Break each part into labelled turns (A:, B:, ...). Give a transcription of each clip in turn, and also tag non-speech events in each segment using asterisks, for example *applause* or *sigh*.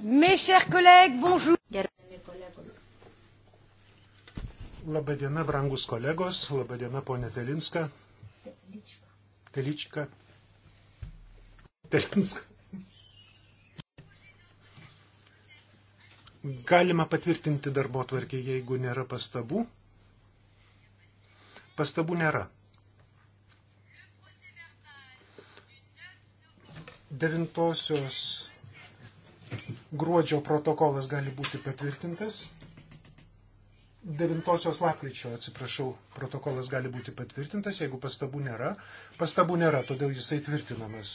A: Mes chers collègues, bonjour. Gerbiami kolegos.
B: Labadiena, brangus kolegos, labadiena, ponė Telinska. Telička. Telinska. Galima patvirtinti darbo tvarkį, jeigu nėra pastabų. Pastabų nėra. 9 Gruodžio protokolas gali būti patvirtintas. 9 lapkričio, atsiprašau, protokolas gali būti patvirtintas, jeigu pastabų nėra. Pastabų nėra, todėl jisai tvirtinamas.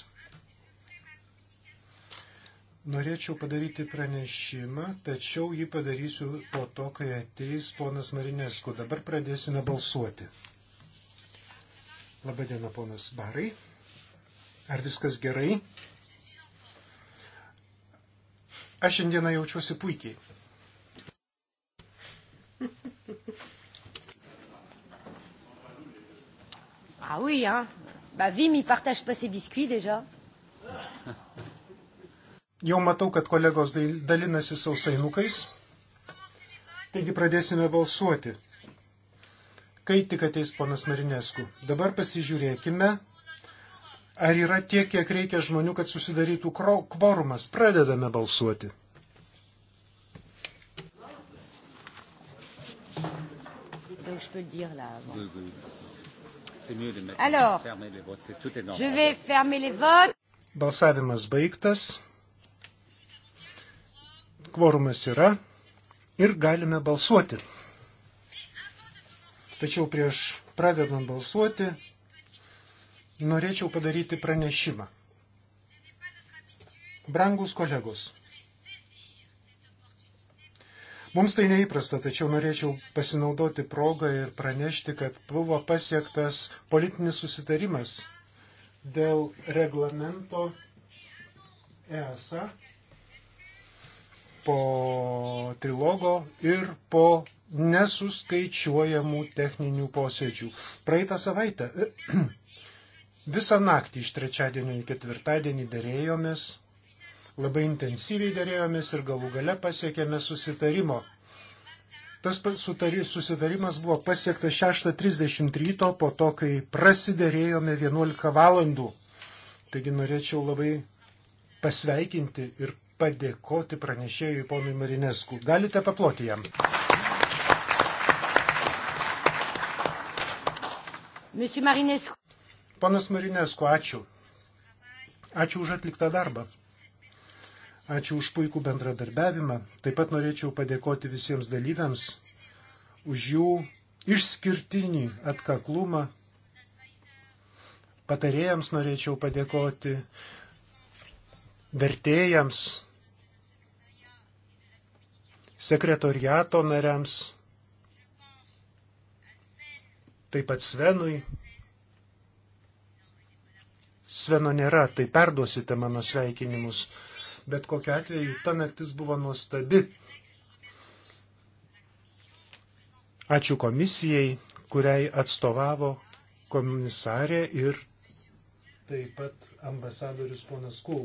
B: Norėčiau padaryti pranešimą, tačiau jį padarysiu po to, kai ateis ponas Marinesku. Dabar pradėsime balsuoti. Labadiena, ponas Barai. Ar viskas gerai? Aš šiandieną jaučiuosi puikiai.
A: *laughs* Ah oui, hein. Bah, Vim, il partage pas ses biscuits déjà.
B: Jau matau, kad kolegos dalinasi sausainukais. Taigi pradėsime balsuoti. Kai tik ateis ponas Marinesku. Dabar pasižiūrėkime, Ar yra tiek, kiek reikia žmonių, kad susidarytų kvorumas? Pradedame balsuoti.
A: Donc je peux le dire là avant.
B: Oui, oui. C'est mieux de mettre Alors, fermer les votes, c'est tout énorme. Je
C: vais fermer les votes.
B: Balsavimas baigtas. Kvorumas yra ir galime balsuoti. Tačiau prieš pradedant balsuoti norėčiau padaryti pranešimą. Brangus kolegos, mums tai neįprasta, tačiau norėčiau pasinaudoti progą ir pranešti, kad buvo pasiektas politinis susitarimas dėl reglamento ESA po trilogo ir po nesuskaičiuojamų techninių posėdžių. Praeitą savaitę *clears throat* Visą naktį iš trečiadienio į ketvirtadienį dėrėjomės, labai intensyviai dėrėjomės ir galų gale pasiekėme susitarimo. Tas susitarimas buvo pasiektas 6.30 ryto po to, kai prasidėrėjome 11 valandų. Taigi norėčiau labai pasveikinti ir padėkoti pranešėjui ponui Marinesku. Galite paploti jam.
A: Monsieur Marinescu.
B: Panas Marinesko, ačiū. Ačiū už atliktą darbą. Ačiū už puikų bendradarbiavimą. Taip pat norėčiau padėkoti visiems dalyviams už jų išskirtinį atkaklumą. Patarėjams norėčiau padėkoti, vertėjams, sekretoriato nariams, taip pat Svenui. Sveno nėra, tai perduosite mano sveikinimus. Bet kokiu atveju ta naktis buvo nuostabi. Ačiū komisijai, kuriai atstovavo komisarė ir taip pat ambasadorius ponas Kul.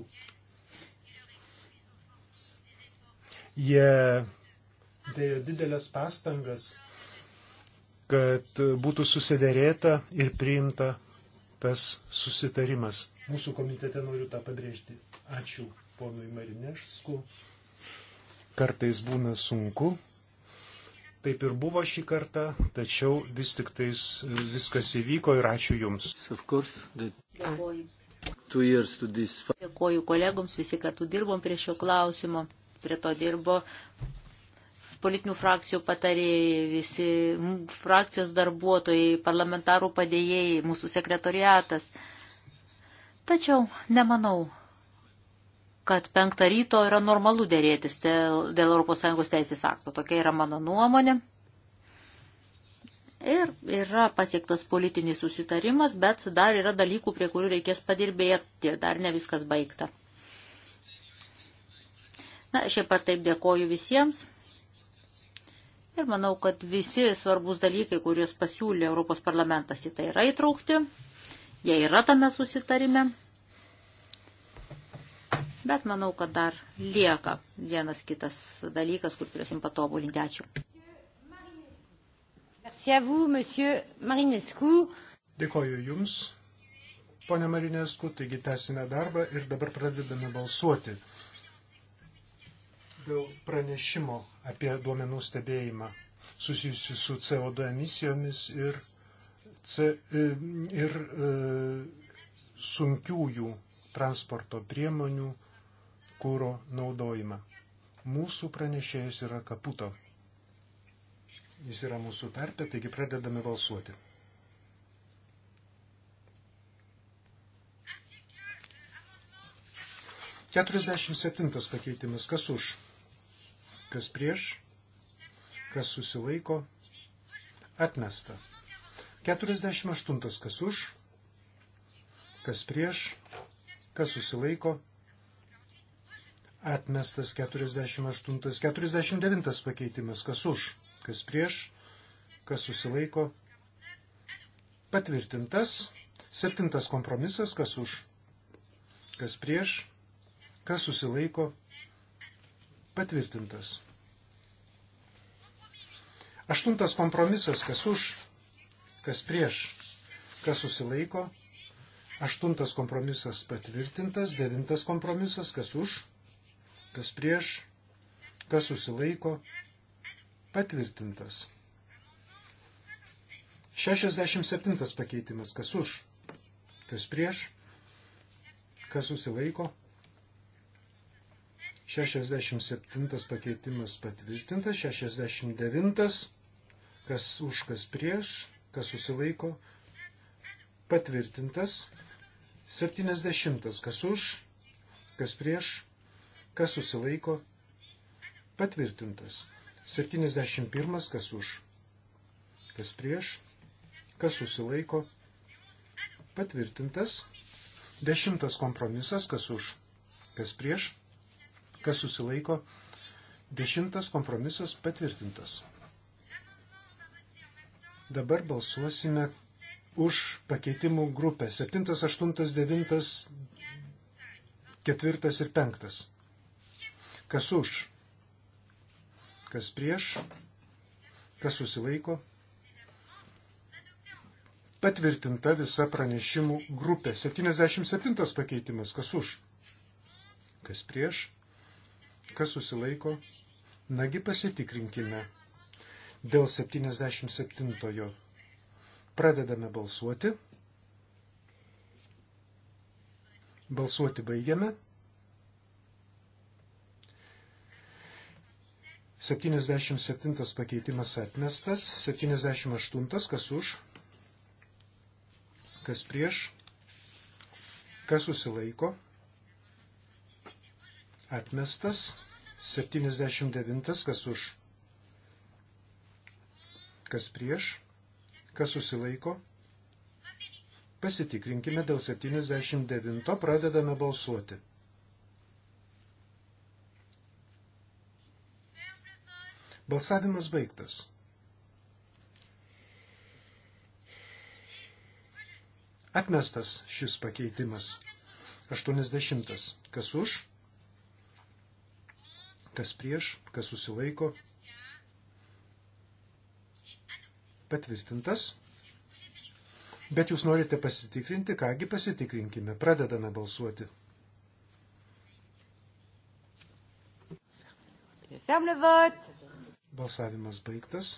B: Jie dėjo didelės pastangas, kad būtų susiderėta ir priimta tas susitarimas. Mūsų komitete noriu tą pabrėžti. Ačiū ponui Marinešsku. Kartais būna sunku. Taip ir buvo šį kartą, tačiau vis tik tais e, viskas įvyko ir ačiū Jums. Dėkuoju
A: kolegoms, visi kartu dirbom prie šio klausimo, prie to dirbo politinių frakcijų patarėjai, visi frakcijos darbuotojai, parlamentarų padėjėjai, mūsų sekretoriatas. Tačiau nemanau, kad penktą ryto yra normalu dėrėtis dėl, dėl ES teisės akto. Tokia yra mano nuomonė. Ir yra pasiektas politinis susitarimas, bet dar yra dalykų, prie kurių reikės padirbėti, dar ne viskas baigta. Na, šiaip pat taip dėkoju visiems. Ir manau, kad visi svarbus dalykai, kuriuos pasiūlė Europos parlamentas, į tai yra įtraukti. Jie yra tame susitarime. Bet manau, kad dar lieka vienas kitas dalykas, kur turėsim patobulinti. Ačiū. Merci à vous, monsieur Marinescu.
B: Dėkoju Jums, ponė Marinescu. Taigi tęsime darbą ir dabar pradedame balsuoti dėl pranešimo apie duomenų stebėjimą susijusiu su CO2 emisijomis ir, C, e, ir e, sunkiųjų transporto priemonių kūro naudojimą. Mūsų pranešėjas yra kaputo. Jis yra mūsų tarpė, taigi pradedame balsuoti. Keturiasdešimt septintas pakeitimas. Kas už? Kas prieš? Kas susilaiko? Atmesta. 48. Kas už? Kas prieš? Kas susilaiko? Atmestas 48. 49 pakeitimas. Kas už? Kas prieš? Kas susilaiko? Patvirtintas. Septintas kompromisas. Kas už? Kas prieš? Kas susilaiko? Patvirtintas. Aštuntas kompromisas, kas už, kas prieš, kas susilaiko. Aštuntas kompromisas patvirtintas, devintas kompromisas, kas už, kas prieš, kas susilaiko, patvirtintas. 67 pakeitimas, kas už, kas prieš, kas susilaiko, 67 pakeitimas patvirtintas, 69, kas už, kas prieš, kas susilaiko, patvirtintas, 70, kas už, kas prieš, kas susilaiko, patvirtintas, 71, kas už, kas prieš, kas susilaiko, patvirtintas, 10 kompromisas, kas už, kas prieš, Kas susilaiko? Dešimtas kompromisas patvirtintas. Dabar balsuosime už pakeitimų grupę. Septintas, aštuntas, devintas, ketvirtas ir penktas. Kas už? Kas prieš? Kas susilaiko? Patvirtinta visa pranešimų grupė. 77 pakeitimas. Kas už? Kas prieš? Kas susilaiko? Nagi pasitikrinkime. Dėl 77-ojo. Pradedame balsuoti. Balsuoti baigiame. 77 pakeitimas atmestas, 78 kas už, kas prieš, kas susilaiko, atmestas, 79 kas už, kas prieš, kas susilaiko. Pasitikrinkime dėl 79, pradedame balsuoti. Balsavimas baigtas. Atmestas šis pakeitimas. 80. Kas už? kas prieš, kas susilaiko. Patvirtintas. Bet jūs norite pasitikrinti, kągi pasitikrinkime. Pradedame balsuoti. Balsavimas baigtas.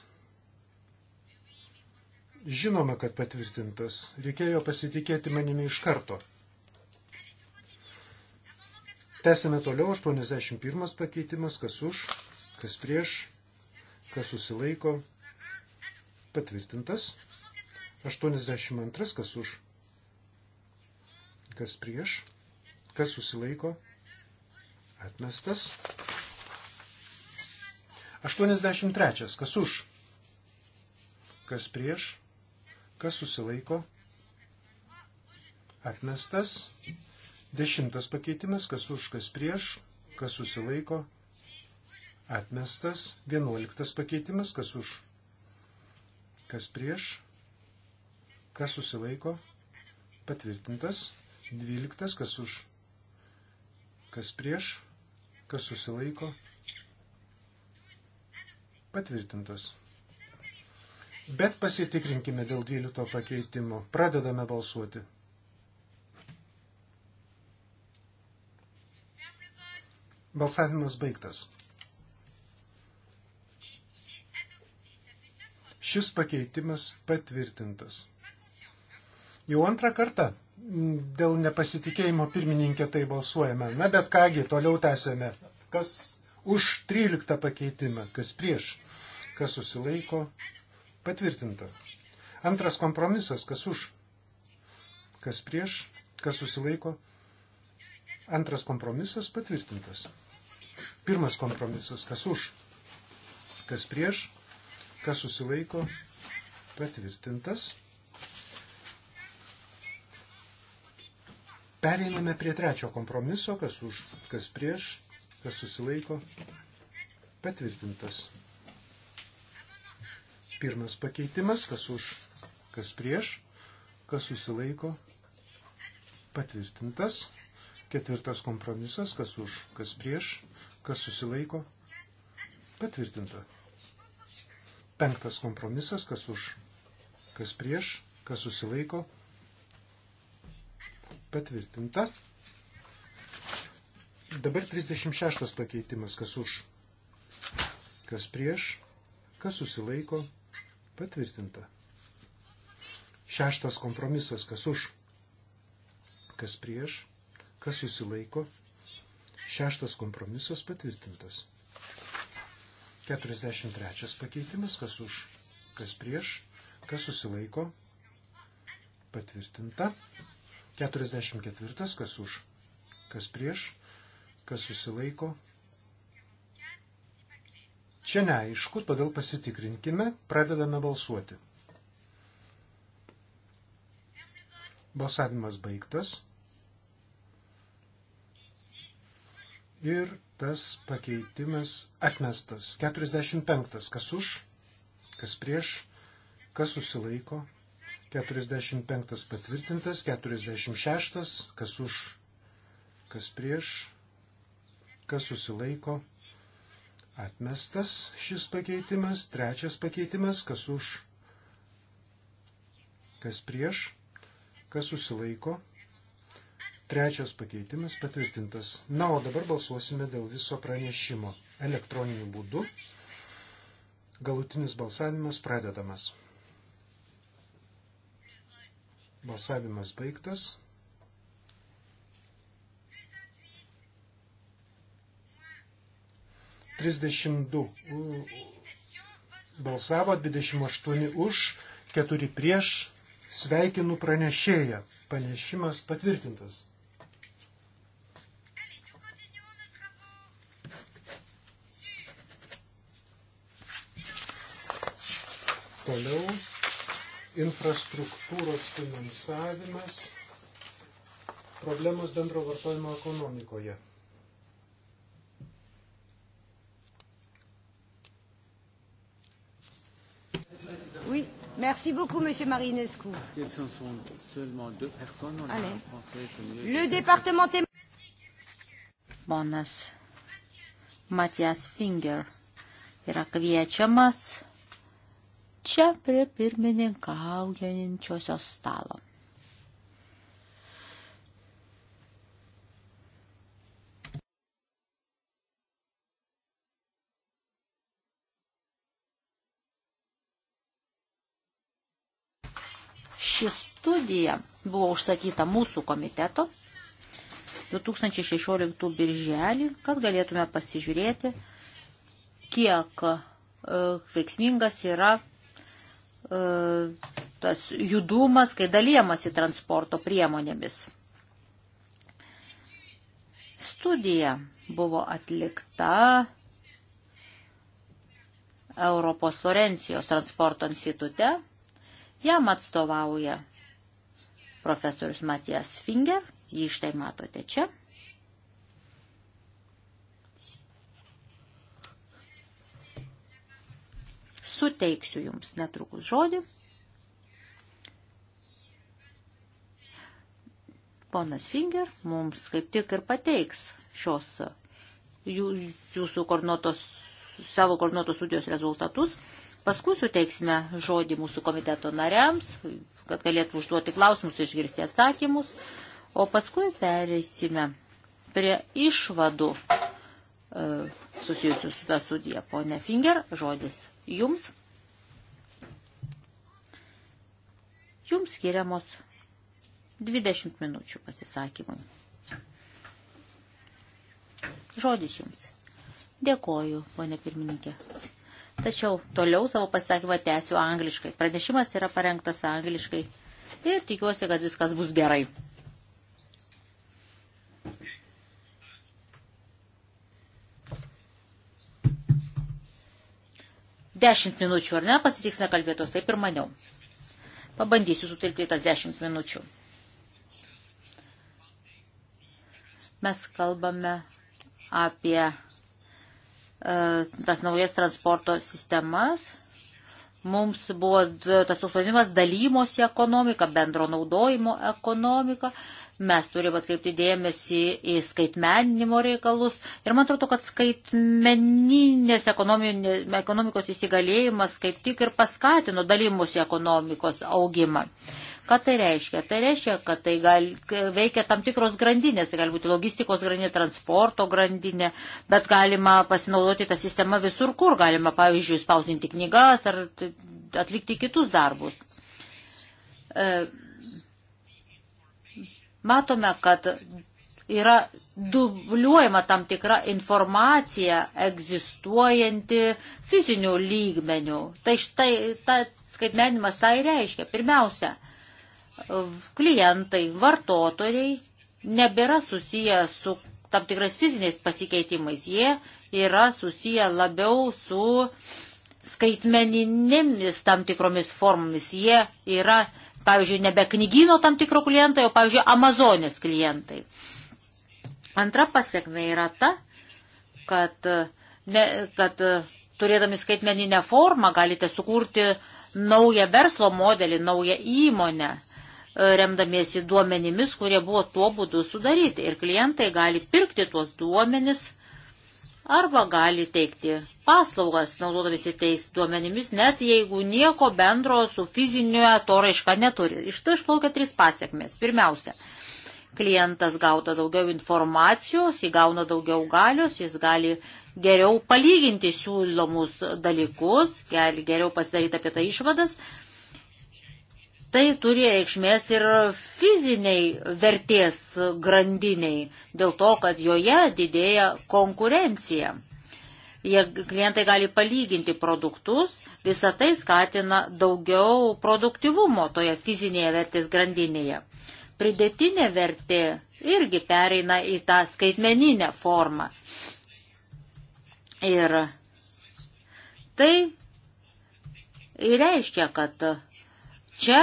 B: Žinoma, kad patvirtintas. Reikėjo pasitikėti manimi iš karto. Tęsime toliau 81 pakeitimas, kas už, kas prieš, kas susilaiko, patvirtintas. 82 kas už, kas prieš, kas susilaiko, atmestas. 83 kas už, kas prieš, kas susilaiko, atmestas. Dešimtas pakeitimas, kas už, kas prieš, kas susilaiko, atmestas. Vienuoliktas pakeitimas, kas už, kas prieš, kas susilaiko, patvirtintas. Dvyliktas, kas už, kas prieš, kas susilaiko, patvirtintas. Bet pasitikrinkime dėl dvylikto pakeitimo. Pradedame balsuoti. Balsavimas baigtas. Šis pakeitimas patvirtintas. Jau antrą kartą dėl nepasitikėjimo pirmininkė tai balsuojame. Na bet kągi, toliau tęsėme. Kas už 13 pakeitimą, kas prieš, kas susilaiko, patvirtinta. Antras kompromisas, kas už, kas prieš, kas susilaiko, patvirtinta Antras kompromisas patvirtintas. Pirmas kompromisas, kas už, kas prieš, kas susilaiko, patvirtintas. Pereiname prie trečio kompromiso, kas už, kas prieš, kas susilaiko, patvirtintas. Pirmas pakeitimas, kas už, kas prieš, kas susilaiko, patvirtintas. Ketvirtas kompromisas, kas už, kas prieš, kas susilaiko. Patvirtinta. Penktas kompromisas, kas už, kas prieš, kas susilaiko. Patvirtinta. Dabar 36 pakeitimas, kas už, kas prieš, kas susilaiko. Patvirtinta. Šeštas kompromisas, kas už, kas prieš, Kas susilaiko? Šeštas kompromisas patvirtintas. 43 pakeitimas, kas už, kas prieš, kas susilaiko, patvirtinta. 44, kas už, kas prieš, kas susilaiko. Čia neaišku, todėl pasitikrinkime, pradedame balsuoti. Balsavimas baigtas. Ir tas pakeitimas atmestas. 45. Kas už, kas prieš, kas susilaiko. 45 patvirtintas, 46, kas už, kas prieš, kas susilaiko. Atmestas šis pakeitimas, trečias pakeitimas, kas už, kas prieš, kas susilaiko Trečias pakeitimas patvirtintas. Na, o dabar balsuosime dėl viso pranešimo elektroniniu būdu. Galutinis balsavimas pradedamas. Balsavimas baigtas. Trisdešimt du balsavo, dvidešimt aštuoni už, keturi prieš. Sveikinu pranešėją. Panešimas patvirtintas. Toliau infrastruktūros finansavimas problemos bendro vartojimo ekonomikoje.
C: Oui, merci beaucoup, Monsieur Marinescu.
B: Parce sont, sont seulement deux personnes, on Allez. Français, mieux Le département
A: Bonas Matijas Finger yra kviečiamas čia prie pirmininkaujančiosios stalo. Ši studija buvo užsakyta mūsų komiteto 2016 birželį, kad galėtume pasižiūrėti, kiek e, veiksmingas yra E, tas judumas, kai dalyjamasi transporto priemonėmis. Studija buvo atlikta Europos Florencijos transporto institute. Jam atstovauja profesorius Matijas Finger, jį štai matote čia. suteiksiu jums netrukus žodį. Ponas Finger mums kaip tik ir pateiks šios jūsų koordinatos, savo koordinatos studijos rezultatus. Paskui suteiksime žodį mūsų komiteto nariams, kad galėtų užduoti klausimus, išgirsti atsakymus. O paskui perėsime prie išvadų e, susijusių su tą studiją. Pone Finger, žodis Jums, jums skiriamos 20 minučių pasisakymui. Žodis jums. Dėkoju, ponė pirmininkė. Tačiau toliau savo pasisakymą tęsiu angliškai. Pranešimas yra parengtas angliškai ir tikiuosi, kad viskas bus gerai. Dešimt minučių, ar ne, pasitiksime kalbėtos, taip ir maniau. Pabandysiu sutilpti tas dešimt minučių. Mes kalbame apie e, tas naujas transporto sistemas. Mums buvo tas užsienimas dalymosi ekonomika, bendro naudojimo ekonomika. Mes turime atkreipti dėmesį į skaitmeninimo reikalus ir man atrodo, kad skaitmeninės ekonomikos įsigalėjimas kaip tik ir paskatino dalymusi ekonomikos augimą. Ką tai reiškia? Tai reiškia, kad tai gal, veikia tam tikros grandinės, tai gali būti logistikos grandinė, transporto grandinė, bet galima pasinaudoti tą sistemą visur, kur galima, pavyzdžiui, spausinti knygas ar atlikti kitus darbus. E, matome, kad yra dubliuojama tam tikra informacija egzistuojanti fizinių lygmenių. Tai štai ta skaitmenimas tai reiškia. Pirmiausia, klientai, vartotojai nebėra susiję su tam tikrais fiziniais pasikeitimais. Jie yra susiję labiau su skaitmeninėmis tam tikromis formomis. Jie yra pavyzdžiui, nebe knygyno tam tikro klientai, o, pavyzdžiui, Amazonės klientai. Antra pasiekme yra ta, kad, ne, kad turėdami skaitmeninę formą galite sukurti naują verslo modelį, naują įmonę, e, remdamiesi duomenimis, kurie buvo tuo būdu sudaryti. Ir klientai gali pirkti tuos duomenis arba gali teikti paslaugas, naudodamėsi teis duomenimis, net jeigu nieko bendro su fizinio to raiška neturi. Iš to išplaukia trys pasiekmes. Pirmiausia, klientas gauta daugiau informacijos, įgauna daugiau galios, jis gali geriau palyginti siūlomus dalykus, geriau pasidaryti apie tai išvadas, Tai turi reikšmės ir fiziniai vertės grandiniai, dėl to, kad joje didėja konkurencija. Jie klientai gali palyginti produktus, visą tai skatina daugiau produktivumo toje fizinėje vertės grandinėje. Pridėtinė vertė irgi pereina į tą skaitmeninę formą. Ir tai reiškia, kad Čia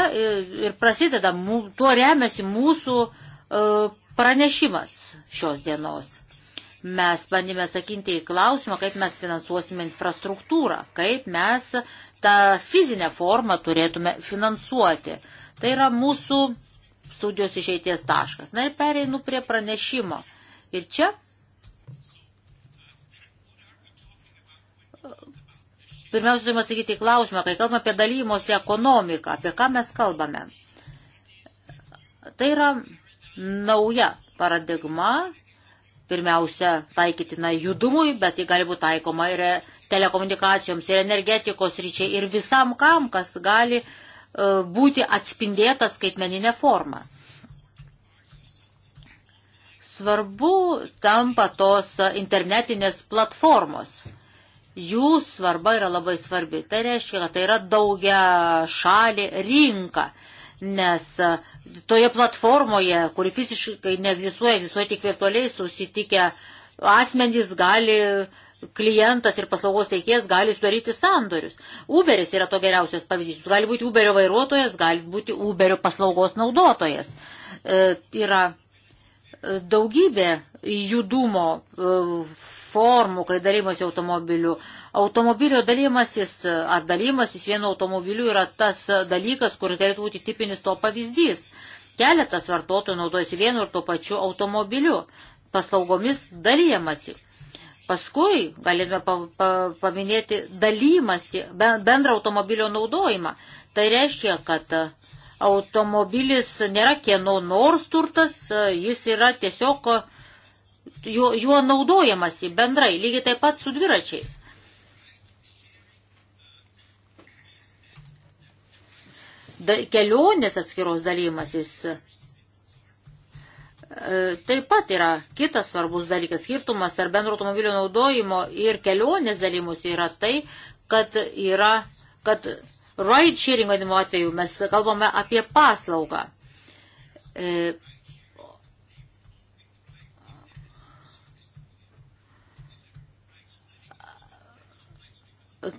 A: ir prasideda, tuo remiasi mūsų e, pranešimas šios dienos. Mes bandėme atsakinti į klausimą, kaip mes finansuosime infrastruktūrą, kaip mes tą fizinę formą turėtume finansuoti. Tai yra mūsų studijos išeities taškas. Na ir pereinu prie pranešimo. Ir čia pirmiausia, turime atsakyti į klausimą, kai kalbame apie dalymosi ekonomiką, apie ką mes kalbame. Tai yra nauja paradigma, pirmiausia, taikytina judumui, bet ji gali būti taikoma ir telekomunikacijoms, ir energetikos ryčiai, ir visam kam, kas gali e, būti atspindėtas skaitmeninė forma. Svarbu tampa tos internetinės platformos jų svarba yra labai svarbi. Tai reiškia, kad tai yra daugia šalį rinka, nes e, toje platformoje, kuri fiziškai neegzistuoja, egzistuoja tik virtualiai susitikę asmenys gali klientas ir paslaugos teikėjas gali sudaryti sandorius. Uberis yra to geriausias pavyzdys. Jūs gali būti Uberio vairuotojas, gali būti Uberio paslaugos naudotojas. E, yra e, daugybė judumo e, formų, kai dalymas automobilių. Automobilio dalymasis ar dalymasis vienu automobiliu yra tas dalykas, kur galėtų būti tipinis to pavyzdys. Keletas vartotojų naudojasi vienu ir tuo pačiu automobiliu. Paslaugomis dalyjamasi. Paskui galėtume pa, pa, paminėti dalymasi, bendrą automobilio naudojimą. Tai reiškia, kad automobilis nėra kieno nors turtas, jis yra tiesiog uh, juo, juo naudojamasi bendrai, lygiai taip pat su dviračiais. Da, kelionės atskiros dalymasis e, taip pat yra kitas svarbus dalykas. Skirtumas tarp bendro automobilio naudojimo ir kelionės dalymus yra tai, kad yra, kad ride sharing vadinimo atveju mes kalbame apie paslaugą. E,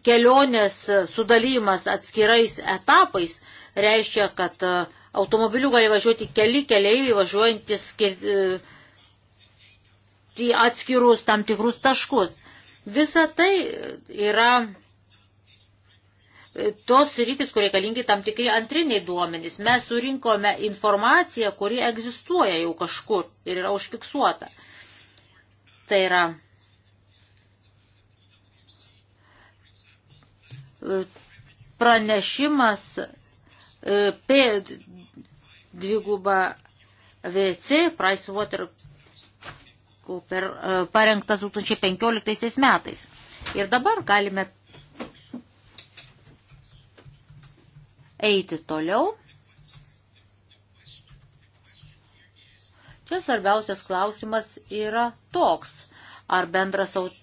A: kelionės sudalymas atskirais etapais reiškia, kad e, automobiliu gali važiuoti keli keliaiviai važiuojantis e, į atskirus tam tikrus taškus. Visa tai yra e, tos rytis, kur reikalingi tam tikri antriniai duomenys. Mes surinkome informaciją, kuri egzistuoja jau kažkur ir yra užfiksuota. Tai yra pranešimas e, P dvigubą VC Pricewater per, e, parengtas 2015 metais. Ir dabar galime eiti toliau. Čia svarbiausias klausimas yra toks, ar bendras aut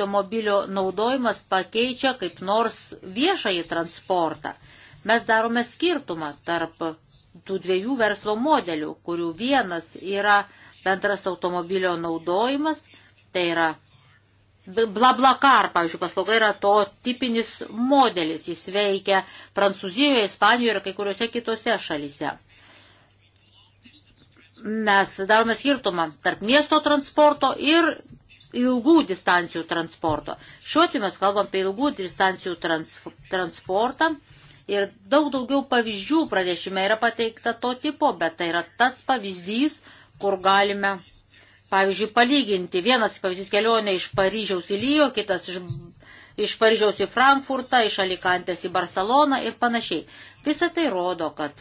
A: automobilio naudojimas pakeičia kaip nors viešąjį transportą. Mes darome skirtumą tarp tų dviejų verslo modelių, kurių vienas yra bendras automobilio naudojimas, tai yra Blablakar, pavyzdžiui, paslauga yra to tipinis modelis, jis veikia Prancūzijoje, Ispanijoje ir kai kuriuose kitose šalise. Mes darome skirtumą tarp miesto transporto ir ilgų distancijų transporto. Šiuo atveju mes kalbam apie ilgų distancijų trans, transportą ir daug daugiau pavyzdžių pranešime yra pateikta to tipo, bet tai yra tas pavyzdys, kur galime, pavyzdžiui, palyginti. Vienas pavyzdys kelionė iš Paryžiaus į Lyjo, kitas iš, iš Paryžiaus į Frankfurtą, iš Alikantės į Barceloną ir panašiai. Visą tai rodo, kad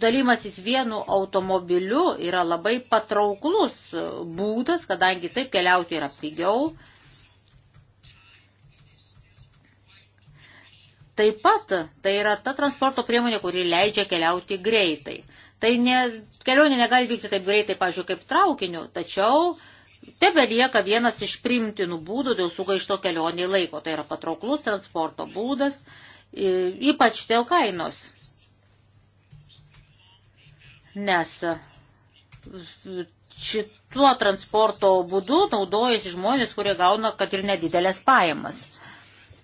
A: dalymasis vienu automobiliu yra labai patrauklus būdas, kadangi taip keliauti yra pigiau. Taip pat tai yra ta transporto priemonė, kuri leidžia keliauti greitai. Tai ne, kelionė negali vykti taip greitai, pažiūrėjau, kaip traukiniu, tačiau tebe lieka vienas iš primtinų būdų dėl sugaišto kelioniai laiko. Tai yra patrauklus transporto būdas, ypač dėl kainos nes e, šituo transporto būdu naudojasi žmonės, kurie gauna, kad ir nedidelės pajamas.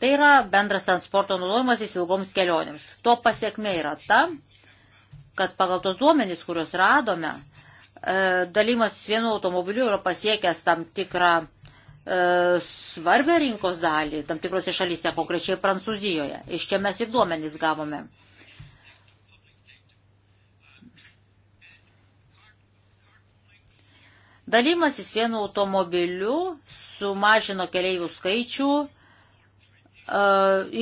A: Tai yra bendras transporto naudojimas įsilgoms kelionėms. To pasiekme yra ta, kad pagal tos duomenys, kuriuos radome, e, dalymas vienu automobiliu yra pasiekęs tam tikrą e, svarbę rinkos dalį, tam tikrose šalyse, konkrečiai Prancūzijoje. Iš čia mes ir duomenys gavome. Dalymasis vienu automobiliu sumažino keliaivių skaičių e,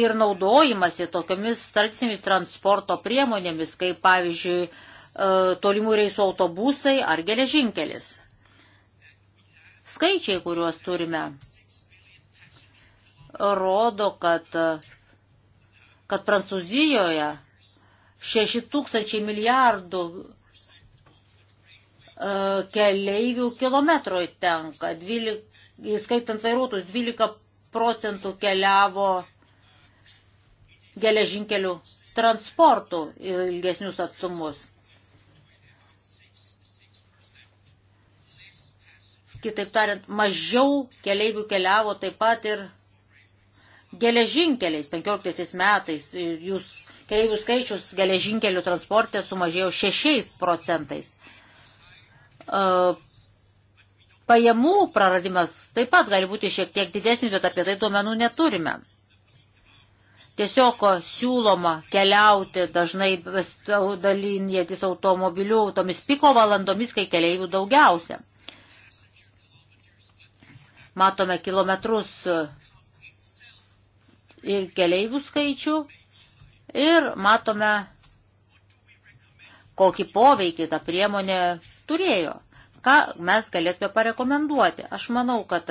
A: ir naudojimasi tokiamis tradicinėmis transporto priemonėmis, kaip pavyzdžiui e, tolimų reisų autobusai ar geležinkelis. Skaičiai, kuriuos turime, rodo, kad, kad Prancūzijoje 6 tūkstančiai milijardų E, keleivių kilometroj tenka, 12, skaitant vairuotus, 12 procentų keliavo geležinkelių transportų ilgesnius atstumus. Kitaip tariant, mažiau keleivių keliavo taip pat ir geležinkeliais. 15 metais jūs keleivių skaičius geležinkelių transporte sumažėjo 6 procentais. Pajamų praradimas taip pat gali būti šiek tiek didesnis, bet apie tai duomenų neturime. Tiesiog siūloma keliauti dažnai dalinėtis automobiliu tomis piko valandomis, kai keliaivių daugiausia. Matome kilometrus ir keleivių skaičių ir matome, kokį poveikį ta priemonė turėjo. Ką mes galėtume parekomenduoti? Aš manau, kad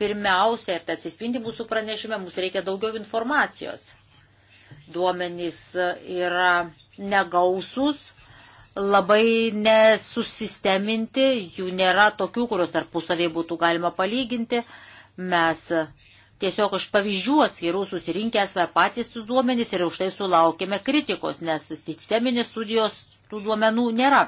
A: pirmiausia, ir tai atsispindi mūsų pranešime, mums reikia daugiau informacijos. Duomenys yra negausus, labai nesusisteminti, jų nėra tokių, kurios tarpusavėje būtų galima palyginti. Mes tiesiog iš pavyzdžių atskirų susirinkę esame patys su duomenys ir už tai sulaukėme kritikos, nes sisteminės studijos tų duomenų nėra.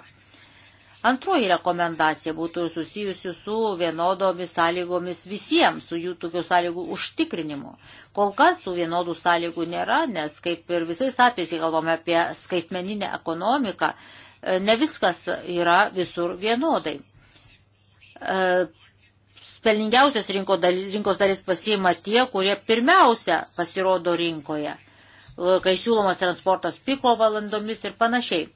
A: Antroji rekomendacija būtų susijusi su vienodomis sąlygomis visiems, su jų tokių sąlygų užtikrinimu. Kol kas tų vienodų sąlygų nėra, nes kaip ir visais atvejais, kai kalbame apie skaitmeninę ekonomiką, e, ne viskas yra visur vienodai. E, pelningiausias rinkos dalis pasiima tie, kurie pirmiausia pasirodo rinkoje, e, kai siūlomas transportas piko valandomis ir panašiai.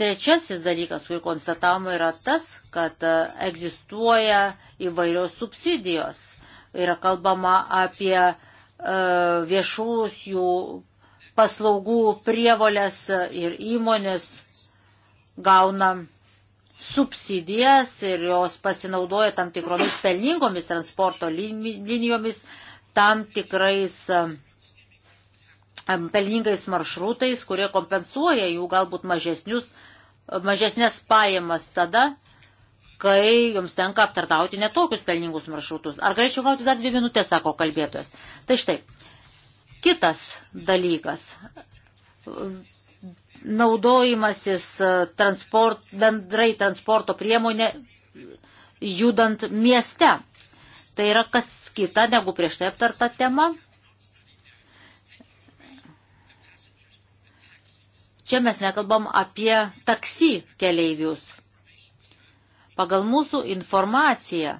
A: Trečiasis dalykas, kurį konstatavome, yra tas, kad e, egzistuoja įvairios subsidijos. Yra kalbama apie e, viešus jų paslaugų prievolės ir įmonės gauna subsidijas ir jos pasinaudoja tam tikromis pelningomis transporto linijomis, tam tikrais e, pelningais maršrutais, kurie kompensuoja jų galbūt mažesnius mažesnės pajamas tada, kai jums tenka aptartauti netokius pelningus maršrutus. Ar galėčiau gauti dar dvi minutės, sako kalbėtojas. Tai štai, kitas dalykas naudojimasis transport, bendrai transporto priemonė judant mieste. Tai yra kas kita negu prieš tai aptarta tema. Čia mes nekalbam apie taksi keleivius. Pagal mūsų informaciją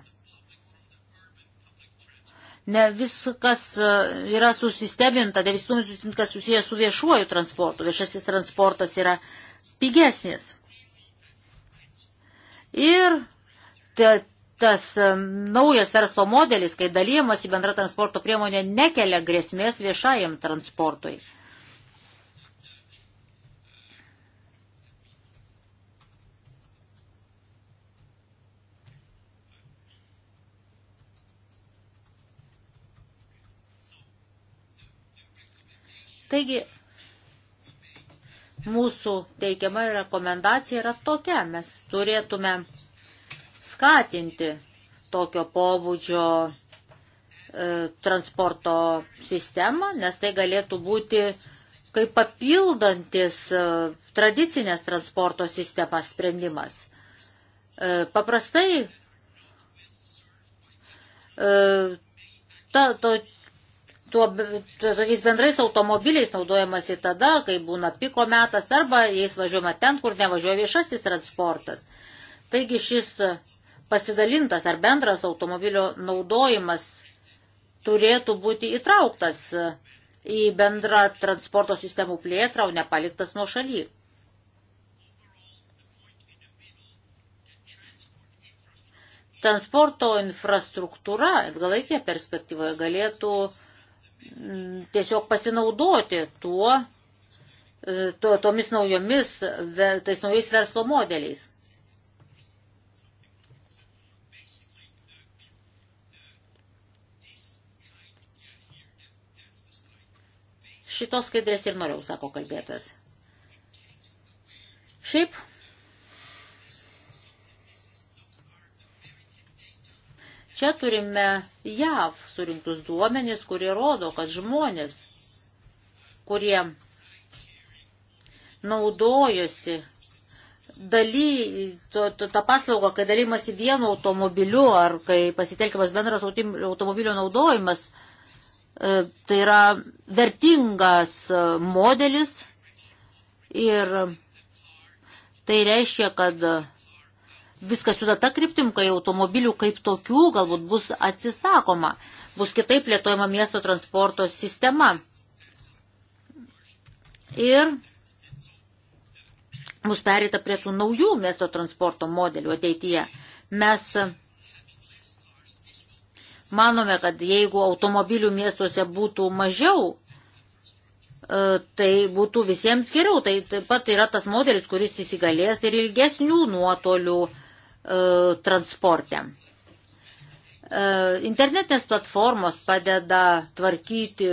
A: ne viskas e, yra susisteminta, ne viskas susijęs su viešuoju transportu. Viešasis transportas yra pigesnis. Ir te, tas e, naujas verslo modelis, kai dalyjamas į bendrą transporto priemonę, nekelia grėsmės viešajam transportui. Taigi, mūsų teikiama rekomendacija yra tokia. Mes turėtume skatinti tokio pobūdžio e, transporto sistemą, nes tai galėtų būti kaip papildantis e, tradicinės transporto sistemas sprendimas. E, paprastai e, ta, to, tuo, tuo, tokiais bendrais automobiliais naudojamasi tada, kai būna piko metas arba jais važiuojama ten, kur nevažiuoja viešasis transportas. Taigi šis pasidalintas ar bendras automobilio naudojimas turėtų būti įtrauktas į bendrą transporto sistemų plėtrą, o nepaliktas nuo šaly. Transporto infrastruktūra ilgalaikėje perspektyvoje galėtų uh, tiesiog pasinaudoti tuo, e, to, tomis naujomis, tais naujais verslo modeliais. Šitos skaidrės ir norėjau, sako kalbėtas. Šiaip Čia turime JAV surinktus duomenys, kurie rodo, kad žmonės, kurie naudojosi daly, to, to, tą paslaugą, kai dalymasi vienu automobiliu ar kai pasitelkiamas bendras automobilio naudojimas, e, tai yra vertingas e, modelis ir tai reiškia, kad viskas juda ta kryptim, kai automobilių kaip tokių galbūt bus atsisakoma, bus kitaip plėtojama miesto transporto sistema. Ir bus perita prie tų naujų miesto transporto modelių ateityje. Mes manome, kad jeigu automobilių miestuose būtų mažiau, e, tai būtų visiems geriau. Tai taip pat yra tas modelis, kuris įsigalės ir ilgesnių nuotolių uh, E, transporte. E, internetinės platformos padeda tvarkyti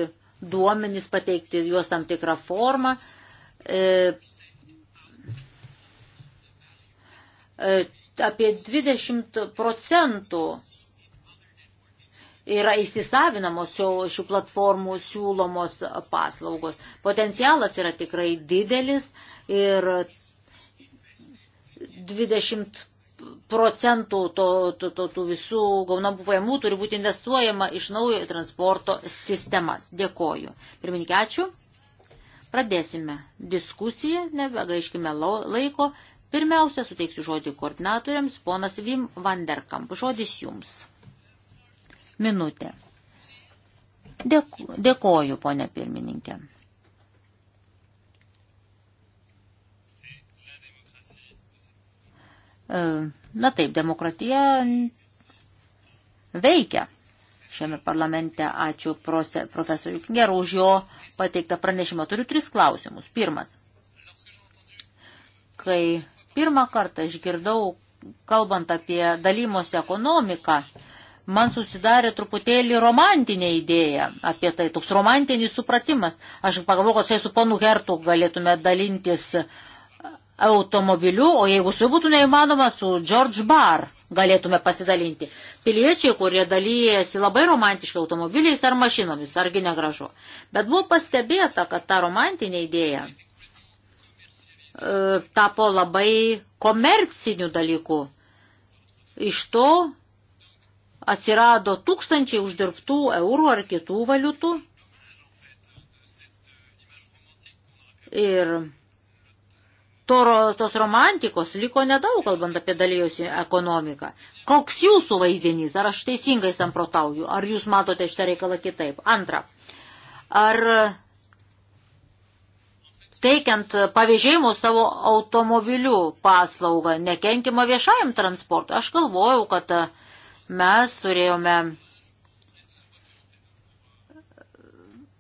A: duomenys, pateikti juos tam tikrą formą. E, apie 20 procentų yra įsisavinamos šio, šių platformų siūlomos paslaugos. Potencialas yra tikrai didelis ir 20 procentų to, to, to, tų visų gaunamų pajamų turi būti investuojama iš naujo į transporto sistemas. Dėkoju. Pirmininkė, ačiū. Pradėsime diskusiją, nebegaiškime laiko. Pirmiausia, suteiksiu žodį koordinatoriams, ponas Vim Vanderkamp. Žodis jums. Minutė. Dėk, dėkoju, ponė pirmininkė. E, na taip, demokratija veikia šiame parlamente. Ačiū profesoriui Kingero už jo pateiktą pranešimą. Turiu tris klausimus. Pirmas. Kai pirmą kartą išgirdau, kalbant apie dalymosi ekonomiką, man susidarė truputėlį romantinė idėja apie tai, toks romantinis supratimas. Aš pagalvojau, kad šiai su ponu Hertu galėtume dalintis uh, automobiliu, o jeigu su juo būtų neįmanoma, su George Bar galėtume pasidalinti. Piliečiai, kurie dalyjasi labai romantiškai automobiliais ar mašinomis, argi negražu. Bet buvo pastebėta, kad ta romantinė idėja e, tapo labai komerciniu dalyku. Iš to atsirado tūkstančiai uždirbtų eurų ar kitų valiutų. Ir to, tos romantikos liko nedaug, kalbant apie dalyjusi ekonomiką. Koks jūsų vaizdinys, ar aš teisingai samprotauju, ar jūs matote šitą reikalą kitaip? Antra, ar teikiant pavėžėjimo savo automobilių paslaugą nekenkima viešajam transportui? Aš galvojau, kad mes turėjome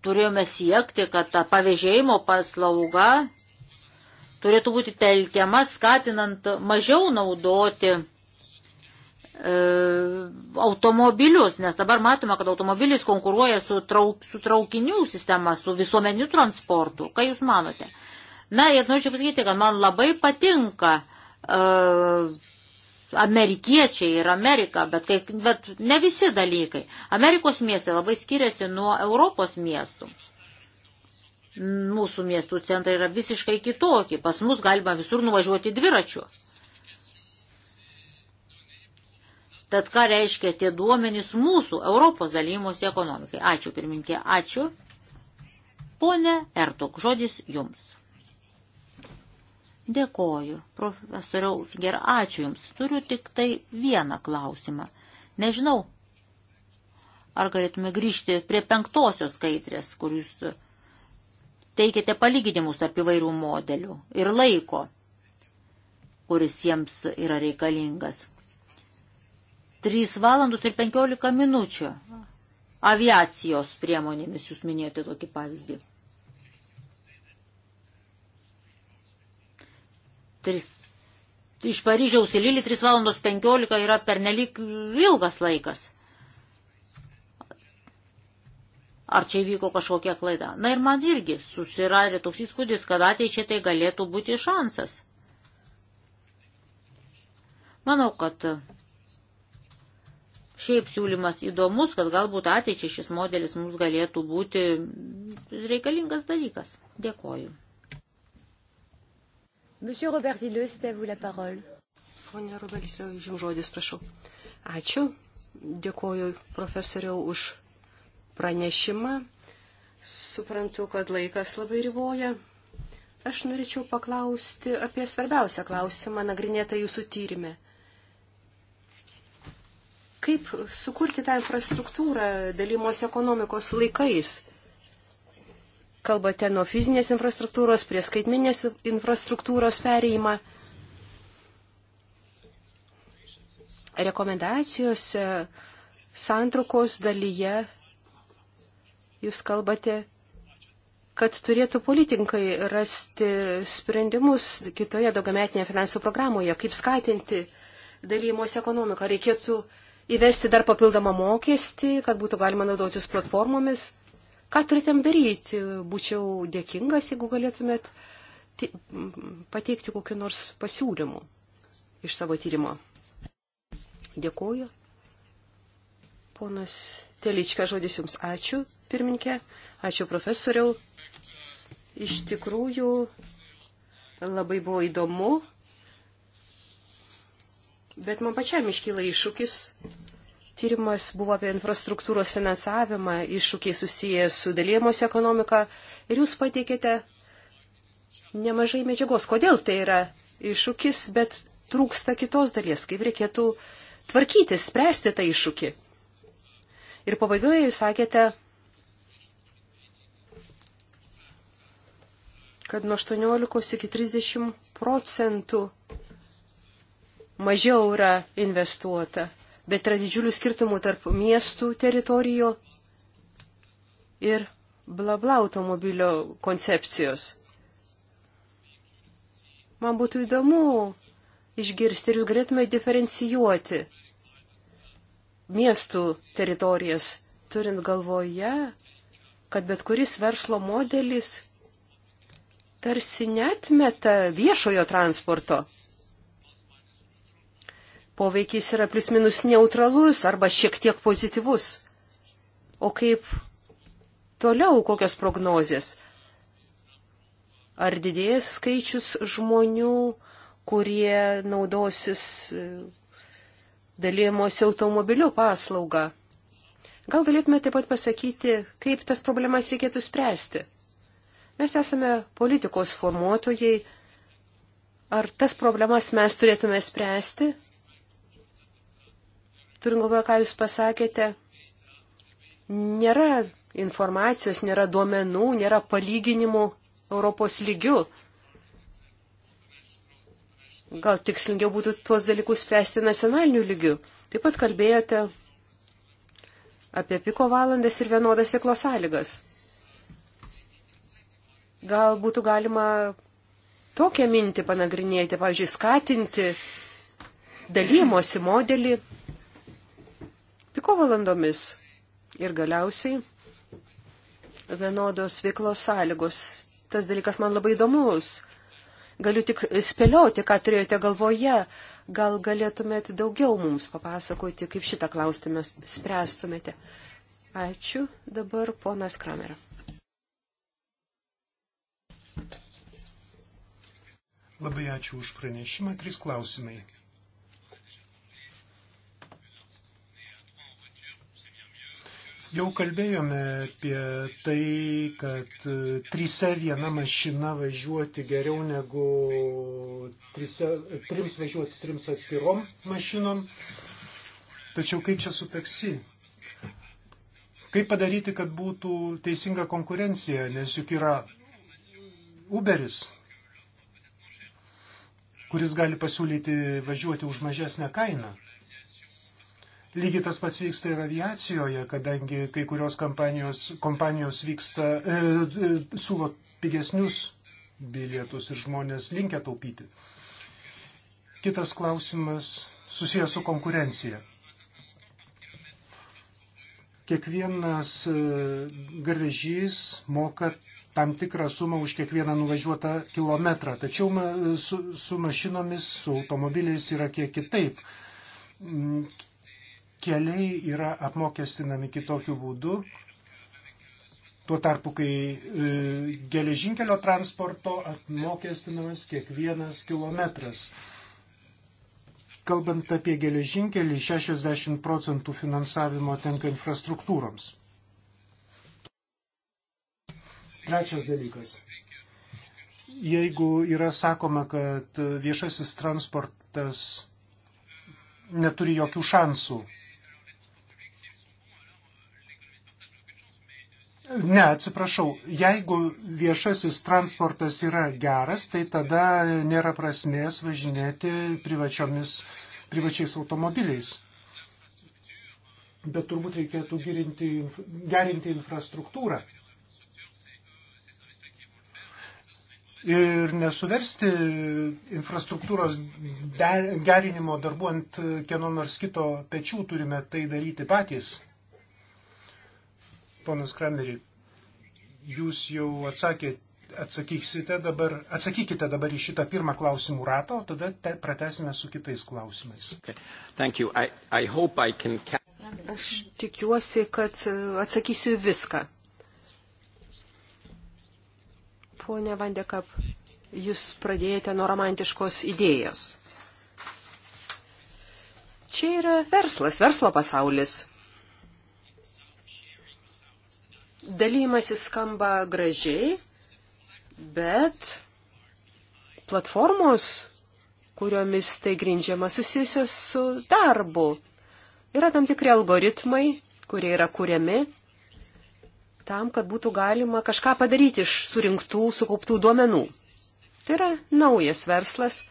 A: turėjome siekti, kad ta pavėžėjimo paslauga turėtų būti telkiama, skatinant mažiau naudoti e, automobilius, nes dabar matome, kad automobilis konkuruoja su, trauk, su traukinių sistema, su visuomeniu transportu. Ką Jūs manote? Na, ir noriu pasakyti, kad man labai patinka e, amerikiečiai ir Amerika, bet, kai, bet ne visi dalykai. Amerikos miestai labai skiriasi nuo Europos miestų. Mūsų miestų centrai yra visiškai kitokie. Pas mus galima visur nuvažiuoti dviračiu. Tad ką reiškia tie duomenys mūsų Europos dalymosi ekonomikai? Ačiū, pirminkė, ačiū. Pone Ertuk, žodis jums. Dėkoju, profesoriau Figer, ačiū jums. Turiu tik tai vieną klausimą. Nežinau, ar galėtume grįžti prie penktosios skaitrės, kur jūs teikėte palyginimus apie vairių modelių ir laiko, kuris jiems yra reikalingas. 3 valandus ir 15 minučių aviacijos priemonėmis jūs minėjote tokį pavyzdį. 3, iš Paryžiaus į Lilį 3 valandos 15 yra pernelyg ilgas laikas. ar čia įvyko kažkokia klaida. Na ir man irgi susirarė toks įspūdis, kad ateičiai tai galėtų būti šansas. Manau, kad šiaip siūlymas įdomus, kad galbūt ateičiai šis modelis mums galėtų būti reikalingas dalykas. Dėkoju.
C: Monsieur Robert Zilius, vous la parole. Pone Robert Zilius, jums žodis, prašau. Ačiū. Dėkoju profesoriau už pranešimą. Suprantu, kad laikas labai riboja. Aš norėčiau paklausti apie svarbiausią klausimą nagrinėtą jūsų tyrimė. Kaip sukurti tą infrastruktūrą dalymos ekonomikos laikais? Kalbate nuo fizinės infrastruktūros prie skaitminės infrastruktūros pereimą. Rekomendacijose santrukos dalyje Jūs kalbate, kad turėtų politikai rasti sprendimus kitoje daugiametinėje finansų programoje, kaip skatinti dalymosi ekonomiką. Reikėtų įvesti dar papildomą mokestį, kad būtų galima naudotis platformomis. Ką turėtum daryti? Būčiau dėkingas, jeigu galėtumėt pateikti kokiu nors pasiūlymu iš savo tyrimo. Dėkuoju. Ponas Telička, žodis Jums ačiū pirminkė. Ačiū profesoriau. Iš tikrųjų, labai buvo įdomu, bet man pačiam iškyla iššūkis. Tyrimas buvo apie infrastruktūros finansavimą, iššūkiai susijęs su dalymosi ekonomika ir jūs pateikėte nemažai medžiagos. Kodėl tai yra iššūkis, bet trūksta kitos dalies, kaip reikėtų tvarkyti, spręsti tą iššūkį. Ir pabaigoje jūs sakėte, kad nuo 18 iki 30 procentų mažiau yra investuota, bet yra didžiulių skirtumų tarp miestų teritorijų ir bla bla automobilio koncepcijos. Man būtų įdomu išgirsti ir jūs galėtume diferencijuoti miestų teritorijas, turint galvoje, kad bet kuris verslo modelis tarsi netmeta viešojo transporto. Poveikis yra plus minus neutralus arba šiek tiek pozityvus. O kaip toliau kokios prognozės? Ar didės skaičius žmonių, kurie naudosis e, dalymosi automobiliu paslaugą? Gal galėtume taip pat pasakyti, kaip tas problemas reikėtų spręsti? Mes esame politikos formuotojai. Ar tas problemas mes turėtume spręsti? Turim galvoje, ką Jūs pasakėte. Nėra informacijos, nėra duomenų, nėra palyginimų Europos lygių. Gal tikslingiau būtų tuos dalykus spręsti nacionaliniu lygiu. Taip pat kalbėjote apie piko valandas ir vienodas veiklos sąlygas gal būtų galima tokią mintį panagrinėti, pavyzdžiui, skatinti dalymosi modelį piko valandomis ir galiausiai vienodos veiklos sąlygos. Tas dalykas man labai įdomus. Galiu tik spėlioti, ką turėjote galvoje. Gal galėtumėte daugiau mums papasakoti, kaip šitą klausimą spręstumėte. Ačiū. Dabar ponas Krameras.
B: Labai ačiū už pranešimą. Trys klausimai. Jau kalbėjome apie tai, kad trise viena mašina važiuoti geriau negu trise, trims važiuoti trims atskirom mašinom. Tačiau kaip čia su taksi? Kaip padaryti, kad būtų teisinga konkurencija, nes juk yra Uberis, kuris gali pasiūlyti važiuoti už mažesnę kainą. Lygiai tas pats vyksta ir aviacijoje, kadangi kai kurios kompanijos, kompanijos vyksta, e, e, siūlo pigesnius bilietus ir žmonės linkia taupyti. Kitas klausimas susijęs su konkurencija kiekvienas e, garvežys moka tam tikrą sumą už kiekvieną nuvažiuotą kilometrą. Tačiau su, su mašinomis, su automobiliais yra kiek kitaip. Mm, keliai yra apmokestinami kitokiu būdu. Tuo tarpu, kai e, geležinkelio transporto apmokestinamas kiekvienas kilometras. Kalbant apie geležinkelį, 60 procentų finansavimo tenka infrastruktūroms. Trečias dalykas. Jeigu yra sakoma, kad viešasis transportas neturi jokių šansų. Ne, atsiprašau, jeigu viešasis transportas yra geras, tai tada nėra prasmės važinėti privačiais automobiliais. Bet turbūt reikėtų girinti, gerinti infrastruktūrą. ir nesuversti infrastruktūros gerinimo darbu ant kieno nors kito pečių, turime tai daryti patys. Ponas Kramerį, jūs jau atsakėte. Atsakykite dabar, atsakykite dabar į šitą pirmą klausimų ratą, o tada te, pratesime su kitais klausimais.
C: Okay. I, I can... Aš tikiuosi, kad atsakysiu viską. Pone Vandekap, jūs pradėjote nuo romantiškos idėjos. Čia yra verslas, verslo pasaulis. Dalymasis skamba gražiai, bet platformos, kuriomis tai grindžiama, susijusios su darbu. Yra tam tikri algoritmai, kurie yra kuriami tam, kad būtų galima kažką padaryti iš surinktų, sukauptų duomenų. Tai yra naujas verslas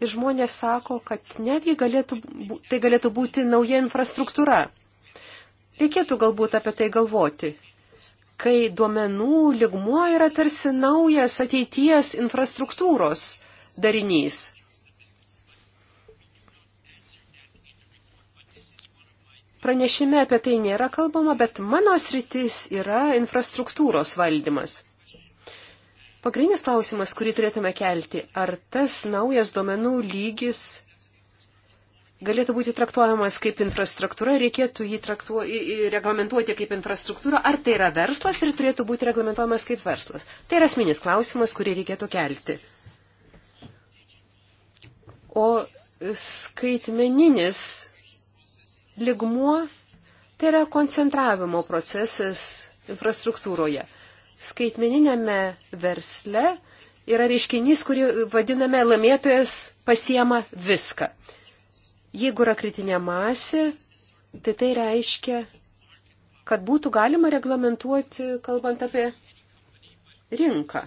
C: ir žmonės sako, kad netgi galėtų, tai galėtų būti nauja infrastruktūra. Reikėtų galbūt apie tai galvoti, kai duomenų ligmuo yra tarsi naujas ateities infrastruktūros darinys. Pranešime apie tai nėra kalbama, bet mano sritis yra infrastruktūros valdymas. Pagrindinis klausimas, kurį turėtume kelti, ar tas naujas duomenų lygis galėtų būti traktuojamas kaip infrastruktūra, reikėtų jį traktuo, į, į, reglamentuoti kaip infrastruktūra, ar tai yra verslas ir turėtų būti reglamentuojamas kaip verslas. Tai yra asmenis klausimas, kurį reikėtų kelti. O skaitmeninis ligmuo tai yra koncentravimo procesas infrastruktūroje. Skaitmeninėme versle yra reiškinys, kurį vadiname lamėtojas pasiema viską. Jeigu yra kritinė masė, tai tai reiškia, kad būtų galima reglamentuoti, kalbant apie rinką.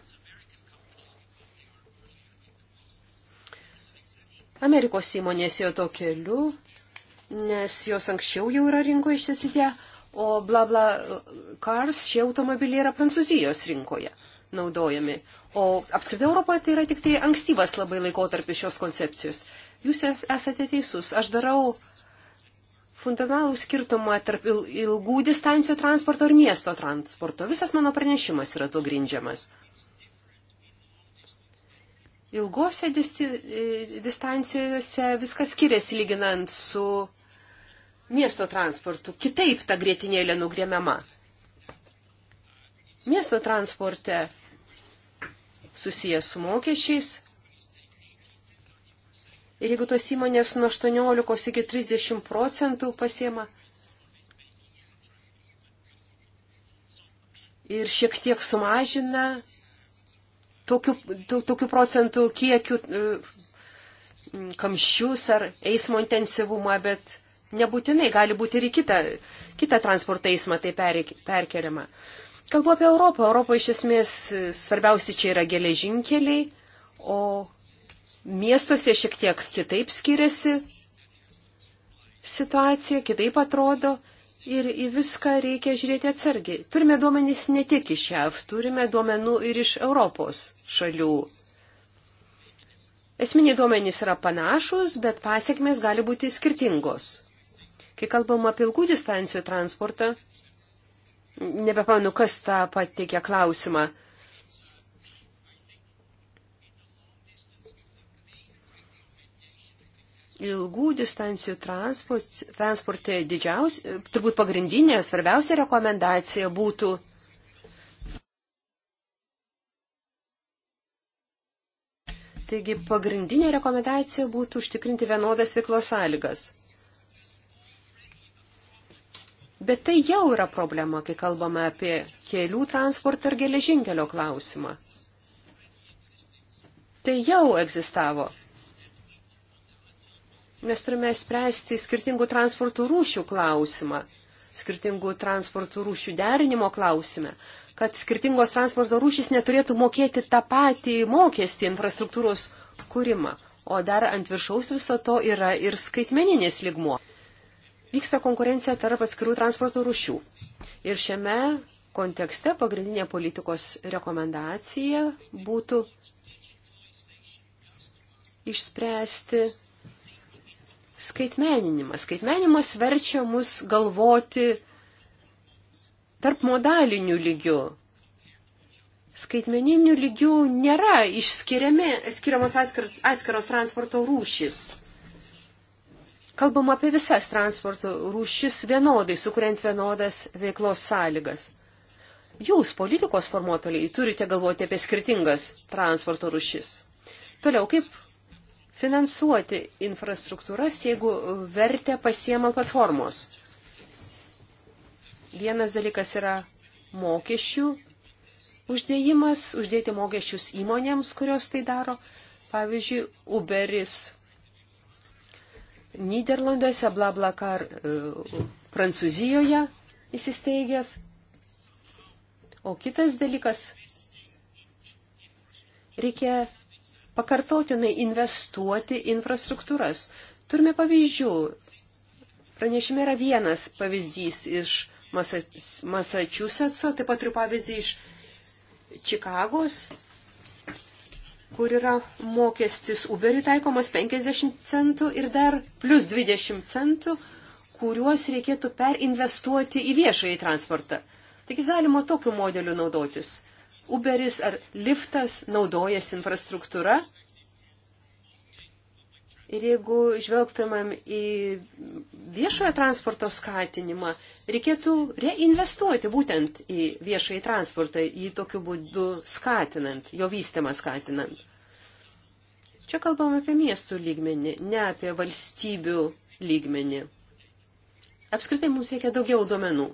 C: Amerikos įmonės ėjo to keliu, nes jos anksčiau jau yra rinkoje išsisidė, o bla bla cars šie automobiliai yra Prancūzijos rinkoje naudojami. O apskritai Europoje tai yra tik tai ankstyvas labai laikotarpis šios koncepcijos. Jūs esate teisus. Aš darau fundamentalų skirtumą tarp ilgų distancijų transporto ir miesto transporto. Visas mano pranešimas yra tuo grindžiamas. Ilgose distancijose viskas skiriasi lyginant su miesto transportu. Kitaip ta grėtinėlė nugrėmiama. Miesto transporte susijęs su mokesčiais. Ir jeigu tos įmonės nuo 18 iki 30 procentų pasiema ir šiek tiek sumažina tokių, to, tokių procentų kiekių e, kamščius ar eismo intensyvumą, bet nebūtinai gali būti ir į kitą, kitą transporto eismą tai perkeliama. Kalbu apie Europą. Europo iš esmės e, svarbiausi čia yra geležinkeliai, o miestuose šiek tiek kitaip skiriasi situacija, kitaip atrodo. Ir į viską reikia žiūrėti atsargiai. Turime duomenys ne tik iš JAV, turime duomenų ir iš Europos šalių. Esminiai duomenys yra panašus, bet pasiekmes gali būti skirtingos. Kai kalbam apie ilgų distancijų transportą, nebepamenu, kas tą pateikė klausimą. ilgų distancijų transporte didžiausia, turbūt pagrindinė, svarbiausia rekomendacija būtų Taigi pagrindinė rekomendacija būtų užtikrinti vienodas veiklos sąlygas. Bet tai jau yra problema, kai kalbame apie kelių transportą ir geležinkelio klausimą. Tai jau egzistavo. Mes turime spręsti skirtingų transportų rūšių klausimą, skirtingų transportų rūšių derinimo klausime, kad skirtingos transporto rūšys neturėtų mokėti tą patį mokestį infrastruktūros kūrimą. O dar ant viršaus viso to yra ir skaitmeninis ligmuo. Vyksta konkurencija tarp atskirų transporto rūšių. Ir šiame kontekste pagrindinė politikos rekomendacija būtų išspręsti skaitmeninimas. Skaitmenimas verčia mus galvoti tarp modalinių lygių. Skaitmeninių lygių nėra išskiriamos atskiros transporto rūšis. Kalbam apie visas transporto rūšis vienodai, sukuriant vienodas veiklos sąlygas. Jūs, politikos formuotojai, turite galvoti apie skirtingas transporto rūšis. Toliau, kaip finansuoti infrastruktūras, jeigu vertę pasiema platformos? Vienas dalykas yra mokesčių uždėjimas, uždėti mokesčius įmonėms, kurios tai daro. Pavyzdžiui, Uberis Niderlanduose, Blablakar e, Prancūzijoje įsisteigęs. O kitas dalykas, reikia pakartotinai investuoti infrastruktūras. Turime pavyzdžių. Pranešime yra vienas pavyzdys iš Massachusetts'o, taip pat turiu pavyzdį iš Čikagos, kur yra mokestis Uberiui taikomas 50 centų ir dar plus 20 centų, kuriuos reikėtų perinvestuoti į viešąjį transportą. Taigi galima tokiu modeliu naudotis. Uberis ar liftas naudojasi infrastruktūra Ir jeigu žvelgtumėm į viešojo transporto skatinimą, reikėtų reinvestuoti būtent į viešąjį transportą, jį tokiu būdu skatinant, jo vystimą skatinant. Čia kalbam apie miestų lygmenį, ne apie valstybių lygmenį. Apskritai mums reikia daugiau duomenų.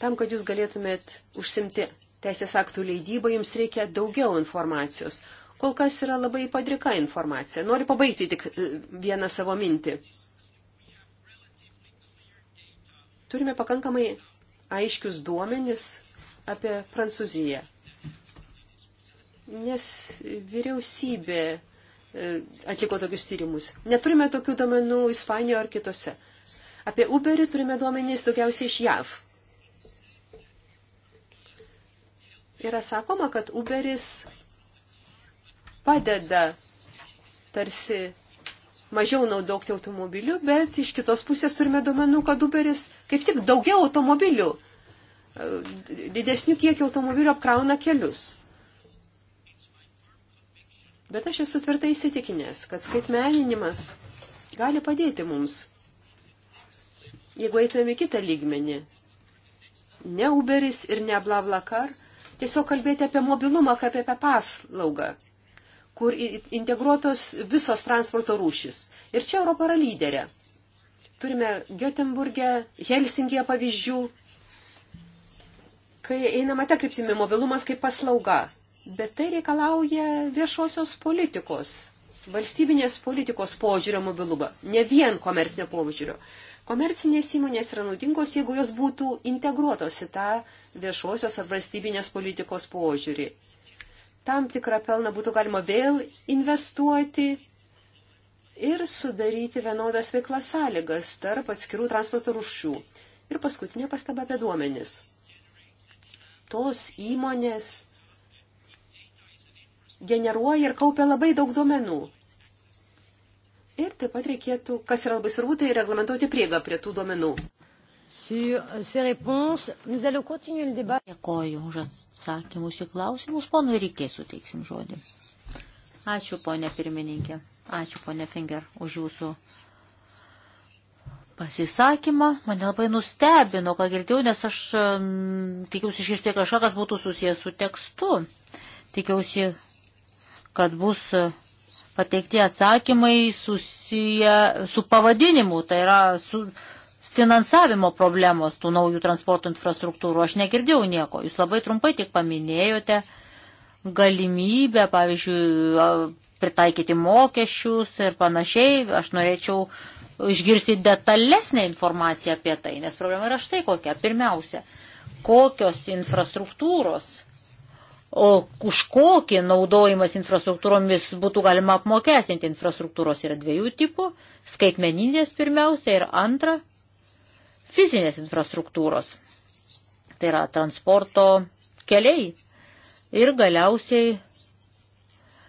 C: Tam, kad jūs galėtumėt užsimti teisės aktų leidybą, jums reikia daugiau informacijos. Kol kas yra labai padrika informacija. Noriu pabaigti tik e, vieną savo mintį. Turime pakankamai aiškius duomenis apie Prancūziją. Nes vyriausybė e, atliko tokius tyrimus. Neturime tokių domenų Ispanijoje ar kitose. Apie Uberį turime duomenys daugiausiai iš JAV. Yra sakoma, kad Uberis padeda tarsi mažiau naudokti automobilių, bet iš kitos pusės turime duomenų, kad Uberis kaip tik daugiau automobilių, e, didesnių kiekį automobilių apkrauna kelius. Bet aš esu tvirtai įsitikinęs, kad skaitmeninimas gali padėti mums. Jeigu eitumėm į kitą lygmenį, ne Uberis ir ne Blablakar, tiesiog kalbėti apie mobilumą, kaip apie paslaugą kur integruotos visos transporto rūšis. Ir čia Europa yra lyderė. Turime Göteborgė, Helsingėje pavyzdžių, kai einama ta kryptimi mobilumas kaip paslauga. Bet tai reikalauja viešosios politikos, valstybinės politikos požiūrio mobilumą, ne vien komercinio požiūrio. Komercinės įmonės yra naudingos, jeigu jos būtų integruotos į tą viešosios ar valstybinės politikos požiūrį tam tikrą pelną būtų galima vėl investuoti ir sudaryti vienodas veiklas sąlygas tarp atskirų transporto rušių. Ir paskutinė pastaba apie duomenis. Tos įmonės generuoja ir kaupia labai daug duomenų. Ir taip pat reikėtų, kas yra labai svarbu, tai reglamentuoti priegą prie tų duomenų
A: sur euh, ces réponses. Nous allons continuer le débat. Dėkoju už atsakymus į klausimus. Ponui reikės suteiksim žodį. Ačiū, ponė pirmininkė. Ačiū, ponė Finger, už jūsų pasisakymą. Mane labai nustebino, ką girdėjau, nes aš tikiausi išgirsti kažką, kas būtų susijęs su tekstu. Tikiausi, kad bus e, pateikti atsakymai susiję su pavadinimu, tai yra su finansavimo problemos tų naujų transporto infrastruktūrų. Aš negirdėjau nieko. Jūs labai trumpai tik paminėjote galimybę, pavyzdžiui, pritaikyti mokesčius ir panašiai. Aš norėčiau išgirsti detalesnę informaciją apie tai, nes problema yra štai kokia. Pirmiausia, kokios infrastruktūros, o už kokį naudojimas infrastruktūromis būtų galima apmokestinti. Infrastruktūros yra dviejų tipų - skaitmeninės pirmiausia ir antra fizinės infrastruktūros. Tai yra transporto keliai ir galiausiai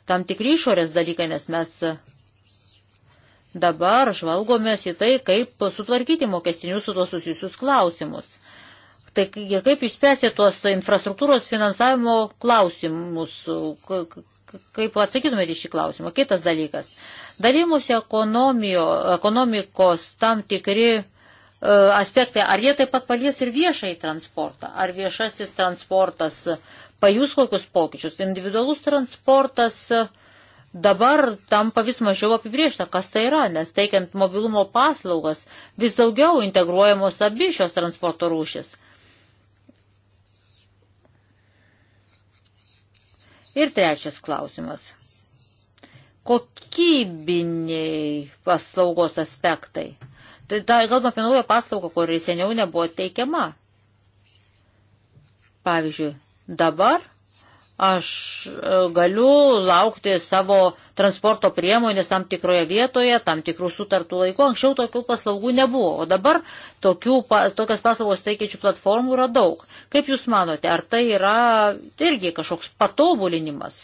A: tam tikri išorės dalykai, nes mes dabar žvalgomės į tai, kaip sutvarkyti mokestinius su to susijusius klausimus. Tai kaip išspręsė tuos infrastruktūros finansavimo klausimus, kaip atsakytumėte šį klausimą. Kitas dalykas. Dalymusi ekonomijos tam tikri E, aspektai, ar jie taip pat palies ir viešai transportą, ar viešasis transportas pajus kokius pokyčius. Individualus transportas dabar tampa vis mažiau apibriešta, kas tai yra, nes teikiant mobilumo paslaugas vis daugiau integruojamos abi šios transporto rūšis. Ir trečias klausimas. Kokybiniai paslaugos aspektai. Tai dar kalbame apie naują paslaugą, kuri seniau nebuvo teikiama. Pavyzdžiui, dabar aš e, galiu laukti savo transporto priemonės tam tikroje vietoje, tam tikrų sutartų laikų. Anksčiau tokių paslaugų nebuvo, o dabar tokių, tokias paslaugos teikiančių platformų yra daug. Kaip Jūs manote, ar tai yra irgi kažkoks patobulinimas?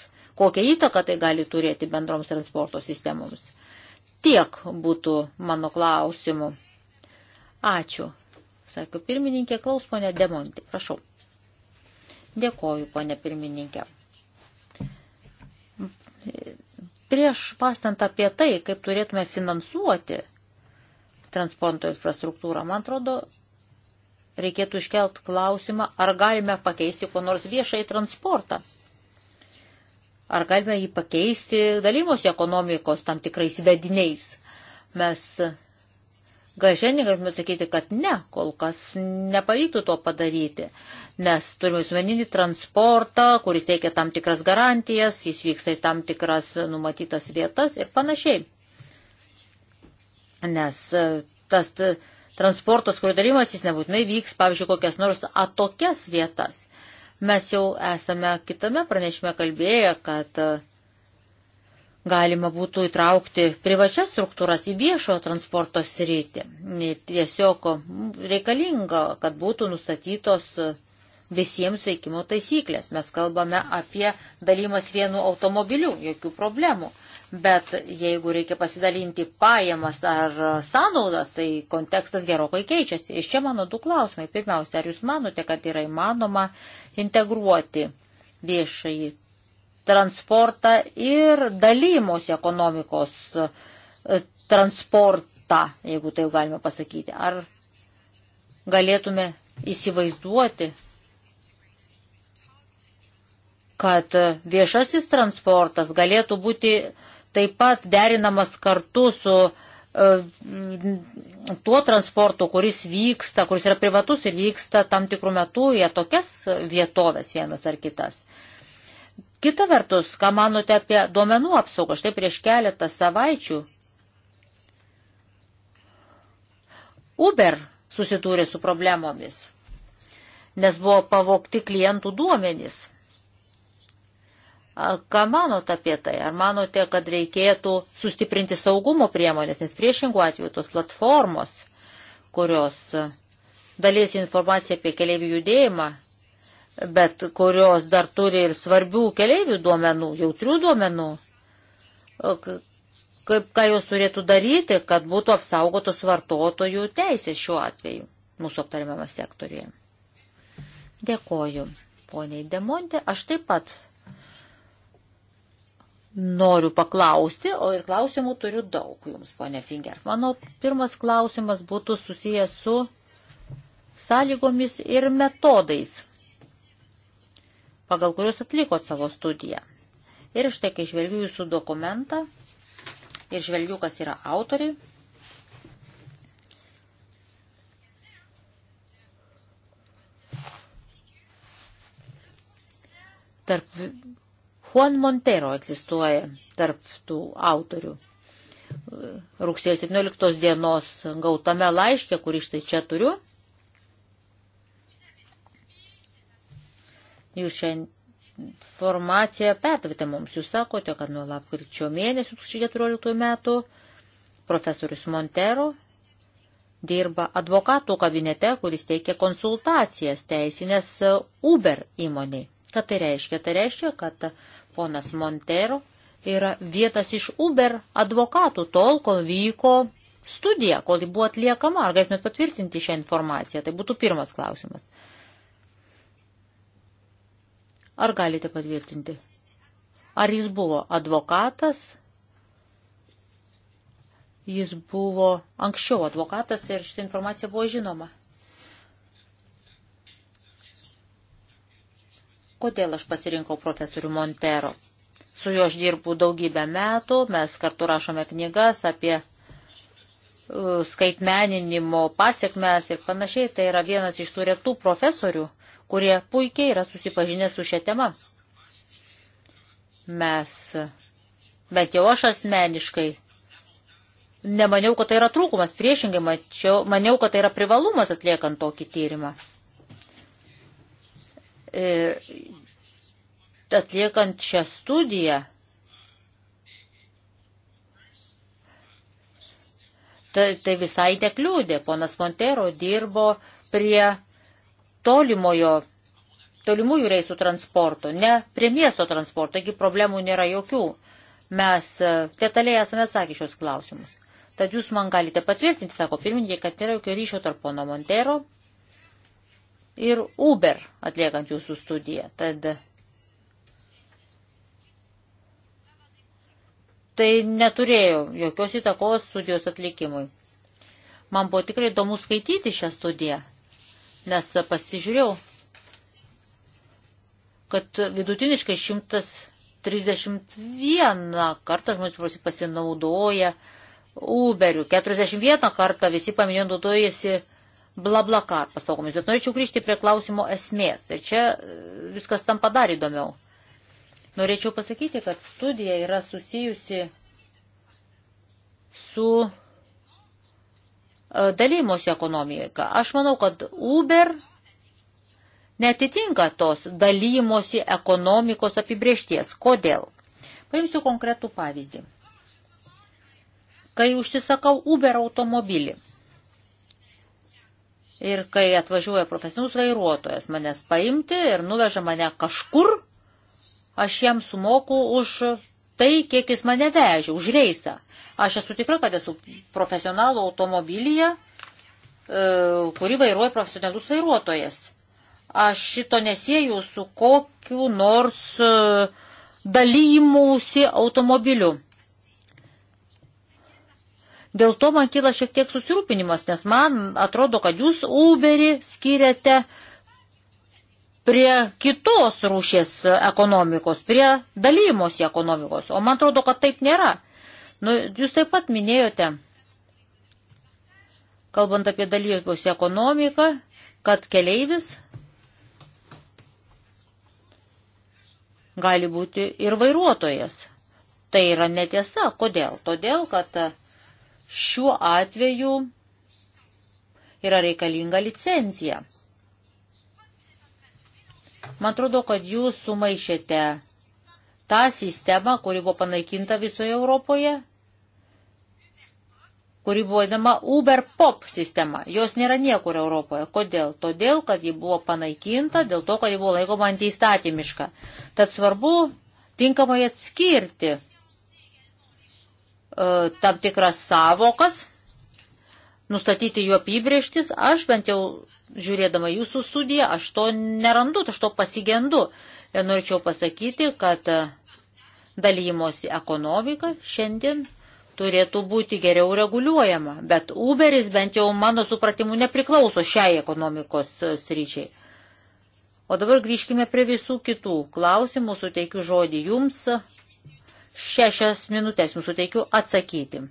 A: Kokią įtaką tai gali turėti bendroms transporto sistemoms? Tiek būtų mano klausimų. Ačiū. Sakau, pirmininkė, klaus ponė Demonti, prašau. Dėkoju, ponė pirmininkė. Prieš pastant apie tai, kaip turėtume finansuoti transporto infrastruktūrą, man atrodo, reikėtų iškelt klausimą, ar galime pakeisti kuo nors viešai transportą. Ar galime jį pakeisti dalymosi ekonomikos tam tikrais vediniais? Mes gal šiandien galime sakyti, kad ne, kol kas nepavyktų to padaryti, nes turime visuomeninį transportą, kuris teikia tam tikras garantijas, jis vyksta į tam tikras numatytas vietas ir panašiai. Nes e, tas transportas, kurio dalymas, jis nebūtinai vyks, pavyzdžiui, kokias nors atokias vietas. Mes jau esame kitame pranešime kalbėję, kad e, galima būtų įtraukti privačias struktūras į viešojo transporto sritį. Tiesiog reikalinga, kad būtų nustatytos e, visiems veikimo taisyklės. Mes kalbame apie dalymas vienu automobiliu, jokių problemų. Bet jeigu reikia pasidalinti pajamas ar sąnaudas, tai kontekstas gerokai keičiasi. Iš čia mano du klausimai. Pirmiausia, ar jūs manote, kad yra įmanoma integruoti viešai transportą ir dalymosi ekonomikos e, transportą, jeigu tai galime pasakyti. Ar galėtume įsivaizduoti, kad viešasis transportas galėtų būti taip pat derinamas kartu su e, tuo transportu, kuris vyksta, kuris yra privatus ir vyksta tam tikrų metų į tokias vietovės vienas ar kitas. Kita vertus, ką manote apie duomenų apsaugą? Štai prieš keletą savaičių Uber susidūrė su problemomis, nes buvo pavokti klientų duomenys. Ką manote apie tai? Ar manote, kad reikėtų sustiprinti saugumo priemonės, nes priešingų atveju tos platformos, kurios e, dalies informaciją apie keliaivių judėjimą, bet kurios dar turi ir svarbių keliaivių duomenų, jautrių duomenų, kaip ką jos turėtų daryti, kad būtų apsaugotos vartotojų teisės šiuo atveju mūsų aptariamame sektoriuje. Dėkoju, poniai Demonte, aš taip pat noriu paklausti, o ir klausimų turiu daug jums, ponė Finger. Mano pirmas klausimas būtų susijęs su sąlygomis ir metodais, pagal kuriuos atlikot savo studiją. Ir štai, kai žvelgiu jūsų dokumentą ir žvelgiu, kas yra autoriai, tarp Juan Montero egzistuoja tarp tų autorių. Rugsėjo 17 dienos gautame laiške, kurį štai čia turiu. Jūs šią informaciją petavite mums. Jūs sakote, kad nuo lapkričio mėnesio 2014 metų profesorius Montero dirba advokatų kabinete, kuris teikia konsultacijas teisinės Uber įmoniai. Ką tai reiškia? Tai reiškia, kad Ponas Montero yra vietas iš Uber advokatų tol, kol vyko studija, kol ji buvo atliekama. Ar galėtumėt patvirtinti šią informaciją? Tai būtų pirmas klausimas. Ar galite patvirtinti? Ar jis buvo advokatas? Jis buvo anksčiau advokatas ir šitą informaciją buvo žinoma. kodėl aš pasirinkau profesorių Montero. Su juo aš dirbu daugybę metų, mes kartu rašome knygas apie e, skaitmeninimo pasiekmes ir panašiai. Tai yra vienas iš tų retų profesorių, kurie puikiai yra susipažinę su šia tema. Mes, bet jau aš asmeniškai, nemaniau, kad tai yra trūkumas, priešingai mačiau, maniau, kad tai yra privalumas atliekant tokį tyrimą. E, atliekant šią studiją, tai, tai visai nekliūdė. Ponas Montero dirbo prie tolimojo, tolimųjų reisų transporto, ne prie miesto transporto, taigi problemų nėra jokių. Mes e, detaliai esame sakę šios klausimus. Tad jūs man galite patvirtinti, sako pirmininkė, kad nėra jokio ryšio tarp pono Montero ir Uber atliekant jūsų studiją. Tad tai neturėjo jokios įtakos studijos atlikimui. Man buvo tikrai įdomu skaityti šią studiją, nes pasižiūrėjau, kad vidutiniškai 131 kartą žmonės pasinaudoja Uberiu, 41 kartą visi paminėjo naudojasi blablakar paslaugomis. Bet norėčiau grįžti prie klausimo esmės. Ir tai čia e, viskas tam padar įdomiau. Norėčiau pasakyti, kad studija yra susijusi su e, dalymosi ekonomika. Aš manau, kad Uber netitinka tos dalymosi ekonomikos apibriešties. Kodėl? Paimsiu konkretų pavyzdį. Kai užsisakau Uber automobilį, Ir kai atvažiuoja profesionalus vairuotojas manęs paimti ir nuveža mane kažkur, aš jam sumoku už tai, kiek jis mane vežė, už reisą. Aš esu tikra, kad esu profesionalų automobilyje, e, kurį vairuoja profesionalus vairuotojas. Aš šito nesieju su kokiu nors e, dalymusi automobiliu. Dėl to man kyla šiek tiek susirūpinimas, nes man atrodo, kad jūs Uberį skiriate prie kitos rūšės ekonomikos, prie dalymosi ekonomikos, o man atrodo, kad taip nėra. Nu, jūs taip pat minėjote, kalbant apie dalymosi ekonomiką, kad keleivis gali būti ir vairuotojas. Tai yra netiesa. Kodėl? Todėl, kad šiuo atveju yra reikalinga licencija. Man atrodo, kad jūs sumaišėte tą sistemą, kuri buvo panaikinta visoje Europoje, kuri buvo įdama Uber Pop sistema. Jos nėra niekur Europoje. Kodėl? Todėl, kad ji buvo panaikinta, dėl to, kad ji buvo laikoma antistatymiška. Tad svarbu tinkamai atskirti E, tam tikras savokas, nustatyti jų apibrieštis, aš bent jau žiūrėdama jūsų studiją, aš to nerandu, aš to pasigendu. Ir norėčiau pasakyti, kad e, dalymosi ekonomika šiandien turėtų būti geriau reguliuojama, bet Uberis bent jau mano supratimu nepriklauso šiai ekonomikos e, sryčiai. O dabar grįžkime prie visų kitų klausimų, suteikiu žodį jums, Šešias minutės jums suteikiu atsakyti.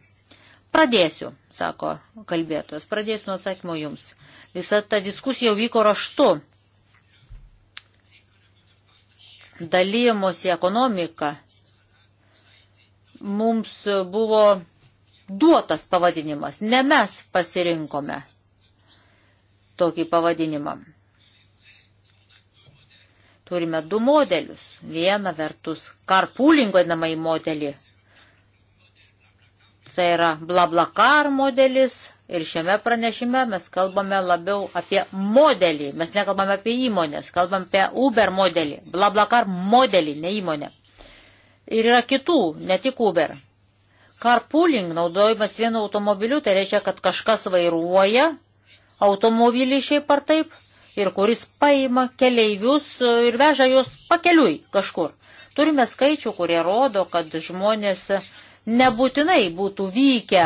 A: Pradėsiu, sako kalbėtojas, pradėsiu nuo atsakymo jums. Visa ta diskusija jau vyko raštu. Dalymosi ekonomika mums buvo duotas pavadinimas, ne mes pasirinkome tokį pavadinimą. Turime du modelius. Viena vertus karpūlingo namai modelį. Tai yra blablakar modelis ir šiame pranešime mes kalbame labiau apie modelį. Mes nekalbame apie įmonės, kalbame apie Uber modelį, blablakar modelį, ne įmonę. Ir yra kitų, ne tik Uber. Carpooling naudojimas vienu automobiliu, tai reiškia, kad kažkas vairuoja automobilį šiaip ar taip ir kuris paima keleivius ir veža juos pakeliui kažkur. Turime skaičių, kurie rodo, kad žmonės nebūtinai būtų vykę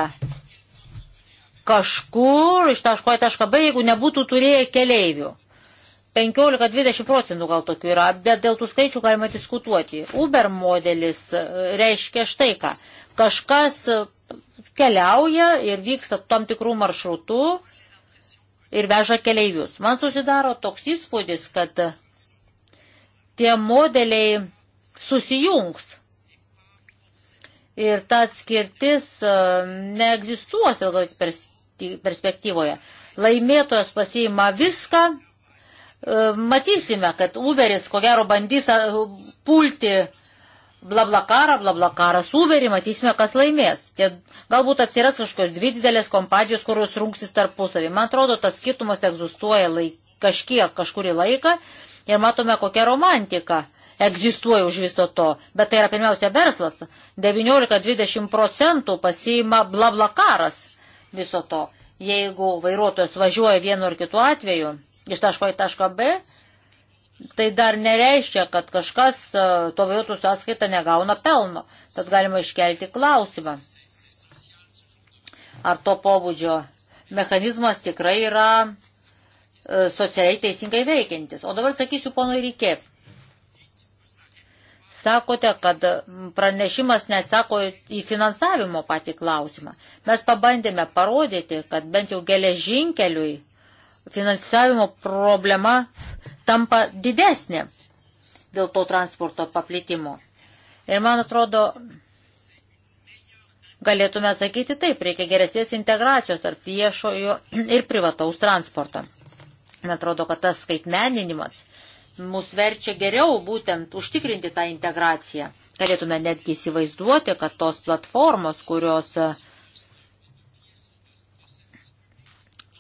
A: kažkur iš taško į tašką B, jeigu nebūtų turėję keleivių. 15-20 procentų gal tokių yra, bet dėl tų skaičių galima diskutuoti. Uber modelis e, reiškia štai ką. Kažkas keliauja ir vyksta tam tikrų maršrutų, ir veža keleivius. Man susidaro toks įspūdis, kad e, tie modeliai susijungs. Ir ta atskirtis e, neegzistuos ilgalaikį perspektyvoje. Laimėtojas pasiima viską. E, matysime, kad Uberis ko gero bandys pulti blablakarą, blablakarą, suverį, matysime, kas laimės. Tie, galbūt atsiras kažkokios dvi didelės kompanijos, kurios rungsis tarpusavį. Man atrodo, tas skirtumas egzistuoja laik, kažkiek, kažkurį laiką ir matome, kokia romantika egzistuoja už viso to. Bet tai yra pirmiausia verslas. 19-20 procentų pasiima blablakaras viso to. Jeigu vairuotojas važiuoja vienu ar kitu atveju iš taško į tašką B, tai dar nereiškia, kad kažkas e, to vietų sąskaitą negauna pelno. Tad galima iškelti klausimą, ar to pobūdžio mechanizmas tikrai yra e, socialiai teisingai veikiantis. O dabar sakysiu ponui Rykė. Sakote, kad pranešimas neatsako į finansavimo patį klausimą. Mes pabandėme parodyti, kad bent jau geležinkeliui finansavimo problema tampa didesnė dėl to transporto paplitimo. Ir man atrodo, galėtume atsakyti taip, reikia geresnės integracijos tarp viešojo *clears throat* ir privataus transporto. Man atrodo, kad tas skaitmeninimas mus verčia geriau būtent užtikrinti tą integraciją. Galėtume netgi įsivaizduoti, kad tos platformos, kurios uh,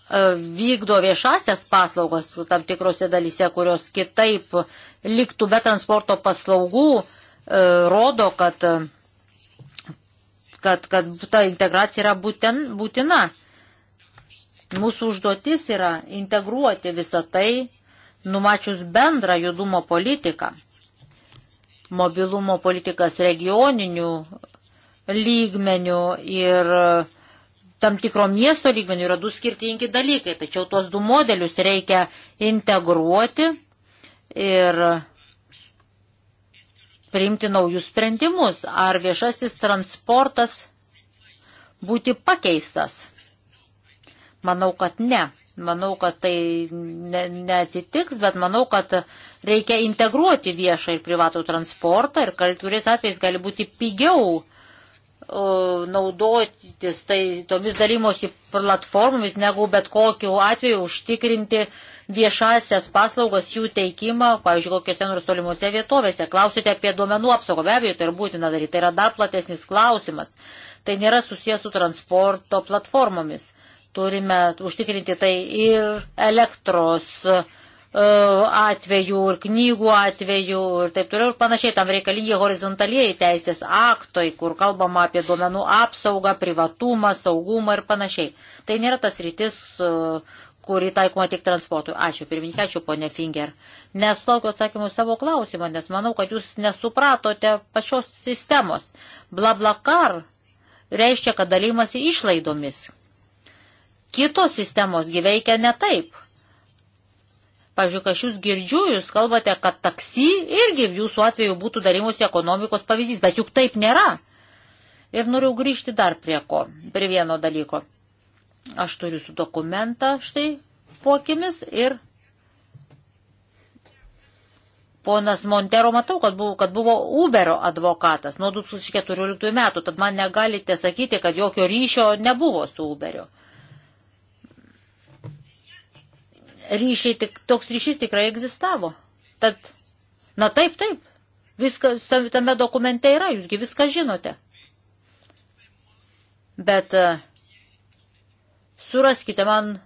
A: E, vykdo viešasias paslaugas tam tikrose dalyse, kurios kitaip liktų be transporto paslaugų, e, rodo, kad, kad, kad ta integracija yra būten, būtina. Mūsų užduotis yra integruoti visą tai, numačius bendrą judumo politiką. Mobilumo politikas regioninių lygmenių ir uh, tam tikro miesto lygmenių yra du skirtingi dalykai, tačiau tuos du modelius reikia integruoti ir priimti naujus sprendimus, ar viešasis transportas būti pakeistas. Manau, kad ne. Manau, kad tai ne, neatsitiks, bet manau, kad reikia integruoti viešą ir privatų transportą ir kai kuriais atvejais gali būti pigiau naudotis tai tomis dalymosi platformomis, negu bet kokiu atveju užtikrinti viešasias paslaugas, jų teikimą, pavyzdžiui, kokiuose nors tolimuose vietovėse. Klausite apie duomenų apsaugą, be abejo, tai ir būtina daryti, tai yra dar platesnis klausimas. Tai nėra susijęs su transporto platformomis. Turime užtikrinti tai ir elektros uh, E, atvejų ir knygų atvejų ir taip toliau ir panašiai. Tam reikalingi horizontalieji teisės aktoj, kur kalbama apie duomenų apsaugą, privatumą, saugumą ir panašiai. Tai nėra tas rytis, e, kuri taikoma tik transportui. Ačiū, pirmininkė, ačiū, ponė Finger. Nesulaukiu atsakymų savo klausimą, nes manau, kad jūs nesupratote pačios sistemos. Blablakar reiškia, kad dalymasi išlaidomis. Kitos sistemos gyveikia ne taip Pavyzdžiui, kai aš jūs girdžiu, jūs kalbate, kad taksi irgi jūsų atveju būtų darimosi ekonomikos pavyzdys, bet juk taip nėra. Ir noriu grįžti dar prie ko, prie vieno dalyko. Aš turiu su dokumentą štai pokimis ir ponas Montero matau, kad buvo, kad buvo Uberio advokatas nuo 2014 metų, tad man negalite sakyti, kad jokio ryšio nebuvo su Uberiu. ryšiai, tik, toks ryšys tikrai egzistavo. Tad, na taip, taip, viskas tame dokumente yra, jūsgi viską žinote. Bet e, suraskite man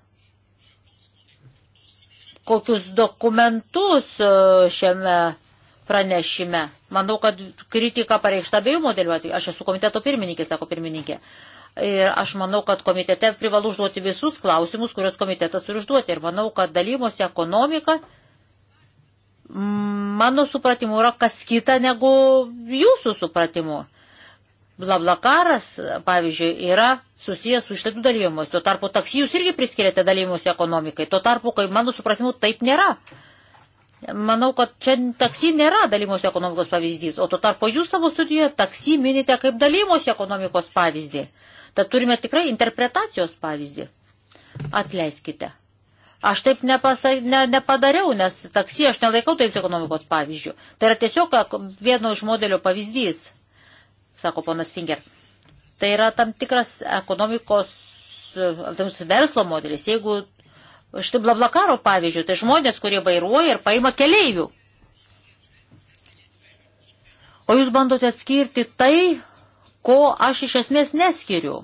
A: kokius dokumentus e, šiame pranešime. Manau, kad kritika pareikšta abiejų modelių atveju. Aš esu komiteto pirmininkė, sako pirmininkė. Ir aš manau, kad komitete privalu užduoti visus klausimus, kuriuos komitetas turi užduoti. Ir manau, kad dalymosi ekonomika, mm, mano supratimu, yra kas kita negu jūsų supratimu. Blablakaras, pavyzdžiui, yra susijęs su išlaidų dalymus. Tuo tarpu taksi jūs irgi priskiriate dalymus ekonomikai. Tuo tarpu, kai mano supratimu, taip nėra. Manau, kad čia taksi nėra dalymosi ekonomikos pavyzdys, o tuo tarpu jūs savo studijoje taksi minite kaip dalymosi ekonomikos pavyzdį. Tad turime tikrai interpretacijos pavyzdį. Atleiskite. Aš taip nepasa, ne, nepadariau, nes taksi aš nelaikau taip ekonomikos pavyzdžių. Tai yra tiesiog vieno iš modelio pavyzdys, sako ponas Finger. Tai yra tam tikras ekonomikos e, tam verslo modelis. Jeigu štai blablakaro pavyzdžių, tai žmonės, kurie vairuoja ir paima keleivių. O jūs bandote atskirti tai, ko aš iš esmės neskiriu.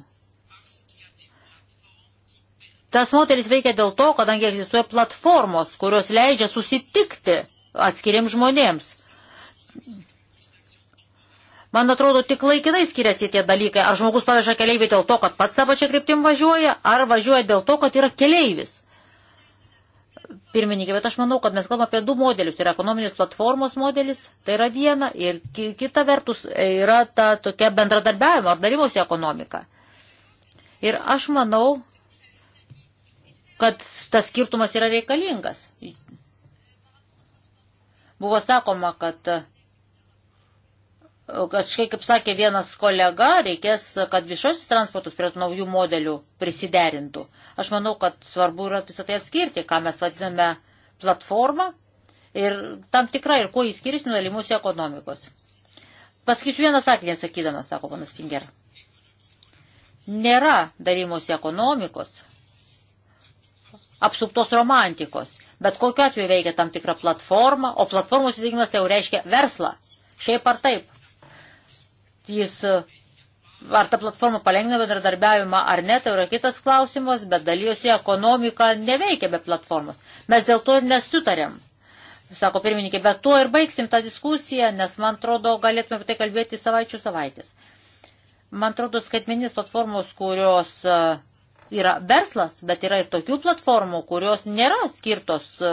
A: Tas moteris veikia dėl to, kadangi egzistuoja platformos, kurios leidžia susitikti atskiriam žmonėms. Man atrodo, tik laikinai skiriasi tie dalykai. Ar žmogus paveža keleivį dėl to, kad pats tą pačią kryptim važiuoja, ar važiuoja dėl to, kad yra keleivis pirmininkė, bet aš manau, kad mes kalbame apie du modelius. Tai yra ekonominės platformos modelis, tai yra viena, ir kita vertus e, yra ta tokia bendradarbiavimo ar dalymosi ekonomika. Ir aš manau, kad tas skirtumas yra reikalingas. Buvo sakoma, kad Kažkaip, kaip sakė vienas kolega, reikės, kad viešasis transportas prie naujų modelių prisiderintų. Aš manau, kad svarbu yra visą tai atskirti, ką mes vadiname platformą ir tam tikrai ir kuo jis skiriasi nuo dalymusių ekonomikos. Pasakysiu vieną sakinį atsakydamas, sako panas Finger. Nėra dalymosi ekonomikos, apsuptos romantikos, bet kokiu atveju veikia tam tikra platforma, o platformos įsigimas tai jau reiškia verslą. Šiaip ar taip jis, e, ar ta platforma palengvina bendradarbiavimą ar ne, tai yra kitas klausimas, bet dalyjosi ekonomika neveikia be platformos. Mes dėl to ir nesutarėm. Sako pirmininkė, bet tuo ir baigsim tą diskusiją, nes man atrodo, galėtume apie tai kalbėti savaičių savaitės. Man atrodo, skaitmeninės platformos, kurios e, yra verslas, bet yra ir tokių platformų, kurios nėra skirtos e,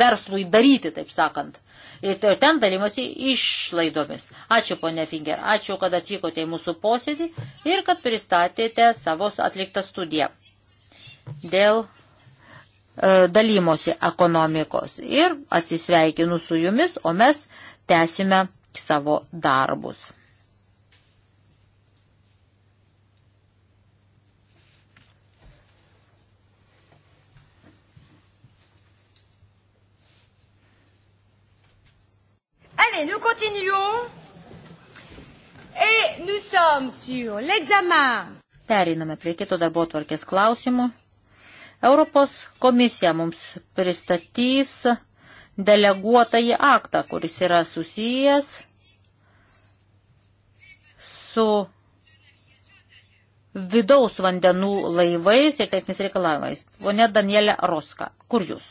A: verslui daryti, taip sakant. Ir tai ten dalimasi išlaidomis. Ačiū, ponė Finger, ačiū, kad atvykote į mūsų posėdį ir kad pristatėte savo atliktą studiją dėl e, dalymosi ekonomikos. Ir atsisveikinu su jumis, o mes tęsime savo darbus.
C: Allez, nous continuons. Et nous sommes sur l'examen.
A: Pereiname prie kito darbo tvarkės klausimų. Europos komisija mums pristatys deleguotąjį aktą, kuris yra susijęs su vidaus vandenų laivais ir techniniais reikalavimais. Pone Danielė Roska, kur jūs?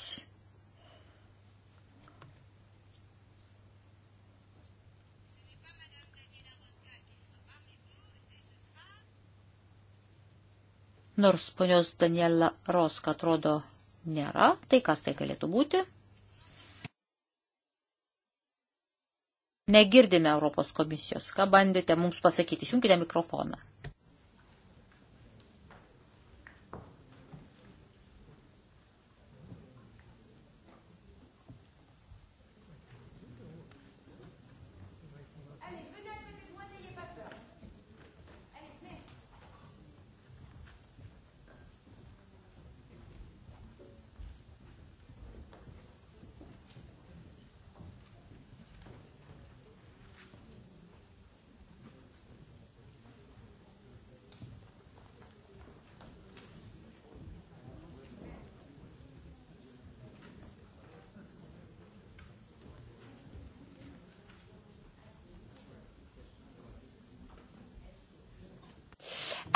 A: Nors ponios Daniela Roska atrodo nėra, tai kas tai galėtų būti? Negirdime Europos komisijos. Ką bandėte mums pasakyti? Išjungite mikrofoną.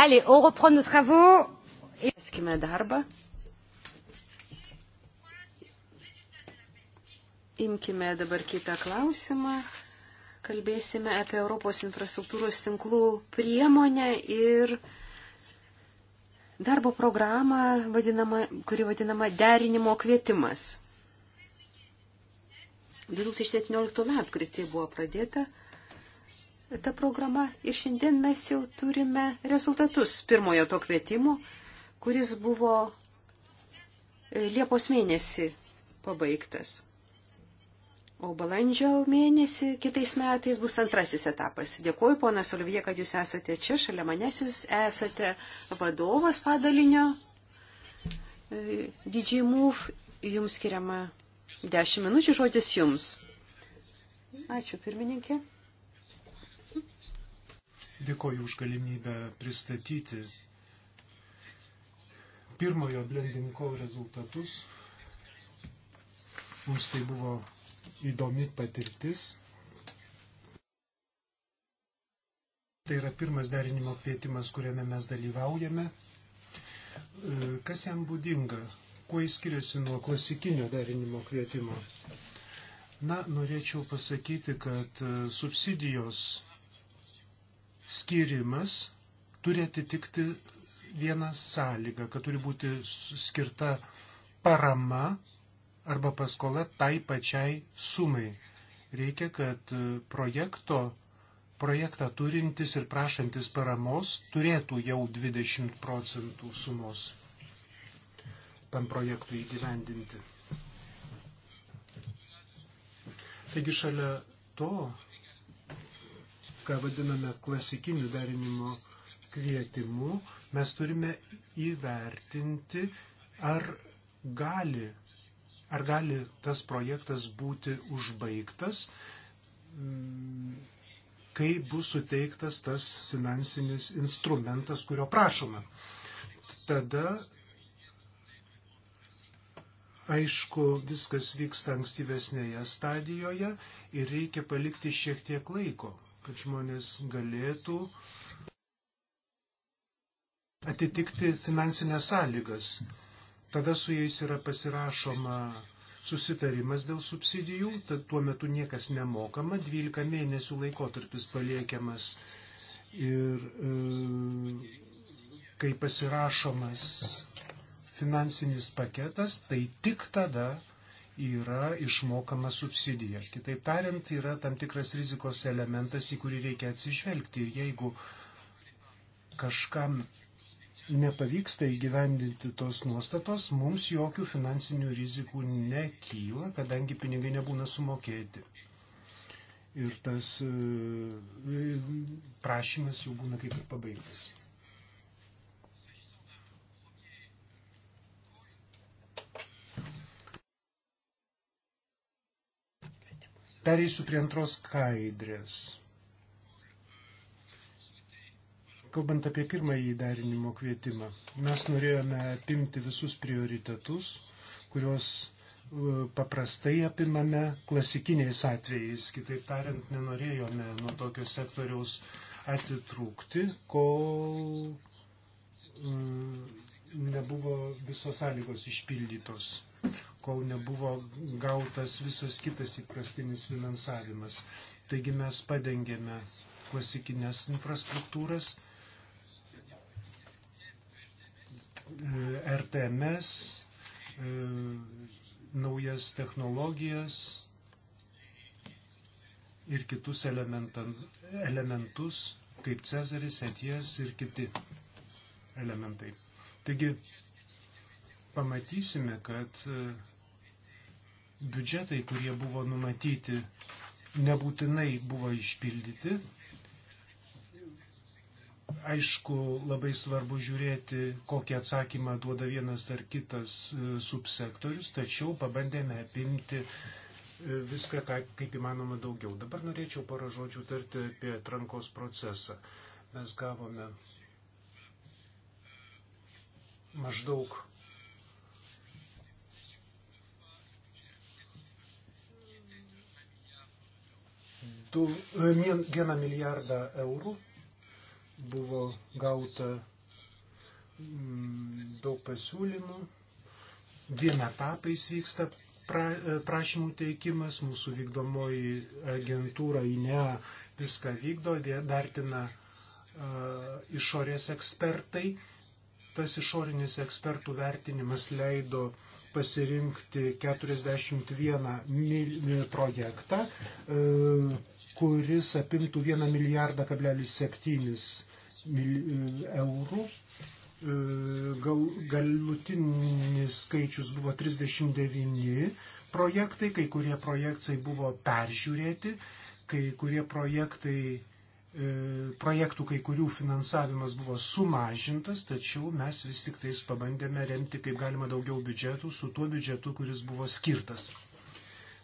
C: Allez, on reprend nos travaux. Tęskime darbą. Imkime dabar kitą klausimą. Kalbėsime apie Europos infrastruktūros tinklų priemonę ir darbo programą, vadinama, kuri vadinama derinimo kvietimas. 2017 lapkritį buvo pradėta ta programa ir šiandien mes jau turime rezultatus pirmojo to kvietimo, kuris buvo e, Liepos mėnesį pabaigtas. O balandžio mėnesį kitais metais bus antrasis etapas. Dėkuoju, ponas Olivie, kad jūs esate čia, šalia manęs jūs esate vadovas padalinio e, Didžiai MUF, jums skiriama 10 minučių žodis jums. Ačiū, pirmininkė.
B: Dėkoju už galimybę pristatyti pirmojo blending call rezultatus. Mums tai buvo įdomi patirtis. Tai yra pirmas derinimo kvietimas, kuriame mes dalyvaujame. E, kas jam būdinga? Kuo jis skiriasi nuo klasikinio derinimo kvietimo? Na, norėčiau pasakyti, kad e, subsidijos skirimas turi atitikti vieną sąlygą, kad turi būti skirta parama arba paskola tai pačiai sumai. Reikia, kad projekto, projektą turintis ir prašantis paramos turėtų jau 20 procentų sumos tam projektui įgyvendinti. Taigi šalia to ką vadiname klasikiniu derinimo kvietimu, mes turime įvertinti, ar gali, ar gali tas projektas būti užbaigtas, kai bus suteiktas tas finansinis instrumentas, kurio prašoma. Tada Aišku, viskas vyksta ankstyvesnėje stadijoje ir reikia palikti šiek tiek laiko kad žmonės galėtų atitikti finansinės sąlygas. Tada su jais yra pasirašoma susitarimas dėl subsidijų, tad tuo metu niekas nemokama, 12 mėnesių laikotarpis paliekiamas ir e, kai pasirašomas finansinis paketas, tai tik tada yra išmokama subsidija. Kitaip tariant, yra tam tikras rizikos elementas, į kurį reikia atsižvelgti. Ir jeigu kažkam nepavyksta įgyvendinti tos nuostatos, mums jokių finansinių rizikų nekyla, kadangi pinigai nebūna sumokėti. Ir tas e, prašymas jau būna kaip ir pabaigtas. Pereisiu prie antros skaidrės. Kalbant apie pirmąjį derinimo kvietimą, mes norėjome apimti visus prioritetus, kuriuos e, paprastai apimame klasikiniais atvejais. Kitaip tariant, nenorėjome nuo tokio sektoriaus atitrūkti, kol e, nebuvo visos sąlygos išpildytos kol nebuvo gautas visas kitas įprastinis finansavimas. Taigi mes padengėme klasikinės infrastruktūras, e, RTMS, e, naujas technologijas ir kitus elementus, kaip Cezaris, Eties ir kiti elementai. Taigi pamatysime, kad e, biudžetai, kurie buvo numatyti, nebūtinai buvo išpildyti. Aišku, labai svarbu žiūrėti, kokį atsakymą duoda vienas ar kitas e, subsektorius, tačiau pabandėme apimti e, viską, ką, kaip įmanoma daugiau. Dabar norėčiau porą žodžių tarti apie atrankos procesą. Mes gavome maždaug E, lėktų, vieną milijardą eurų buvo gauta mm, daug pasiūlymų, dviem etapais vyksta pra, e, prašymų teikimas, mūsų vykdomoji agentūra INEA viską vykdo, vertina e, išorės ekspertai. Tas išorinis ekspertų vertinimas leido pasirinkti 41 projektą, kuris apimtų 1 milijardą kablelis 7 e, eurų. E, gal, galutinis skaičius buvo 39 projektai, kai kurie projektai buvo peržiūrėti, kai kurie projektai, e, projektų kai kurių finansavimas buvo sumažintas, tačiau mes vis tik tais pabandėme remti kaip galima daugiau biudžetų su tuo biudžetu, kuris buvo skirtas.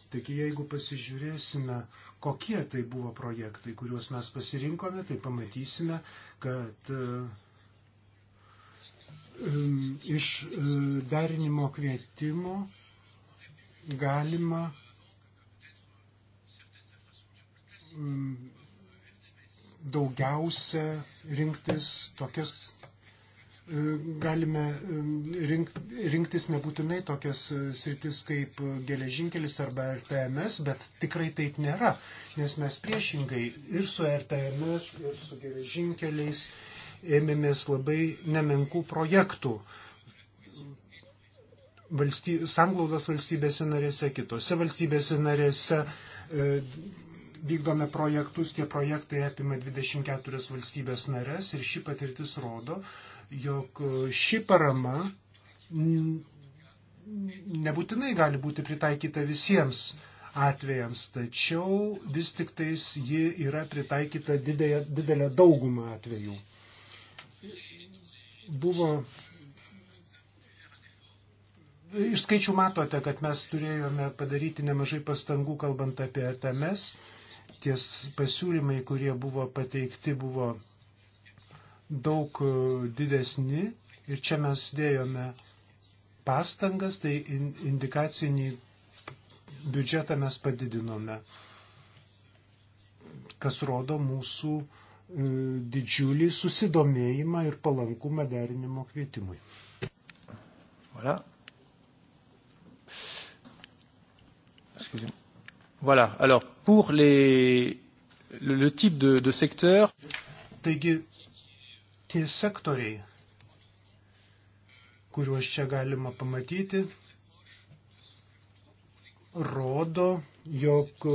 B: Tik jeigu pasižiūrėsime, uh, kokie tai buvo projektai, kuriuos mes pasirinkome, tai pamatysime, kad e, iš e, derinimo kvietimo galima daugiausia rinktis tokias galime e, rink, rinktis nebūtinai tokias e, sritis kaip geležinkelis arba RTMS, bet tikrai taip nėra, nes mes priešingai ir su RTMS, ir su geležinkeliais ėmėmės labai nemenkų projektų. Valsty, sanglaudas valstybėse narėse, kitose valstybėse narėse e, vykdome projektus, tie projektai apima 24 valstybės narės ir ši patirtis rodo, jog e, ši parama nebūtinai gali būti pritaikyta visiems atvejams, tačiau vis tik tais ji yra pritaikyta didelė, didelė dauguma atvejų. Buvo Iš skaičių matote, kad mes turėjome padaryti nemažai pastangų, kalbant apie RTMS. Ties pasiūlymai, kurie buvo pateikti, buvo daug e, didesni ir čia mes dėjome pastangas, tai indikacinį biudžetą mes padidinome, kas rodo mūsų e, didžiulį susidomėjimą ir palankumą derinimo kvietimui. Voilà. Excusez-moi. Voilà. Alors, pour les, le, le type de, de secteur. Taigi, tie sektoriai, kuriuos čia galima pamatyti, rodo, jog e,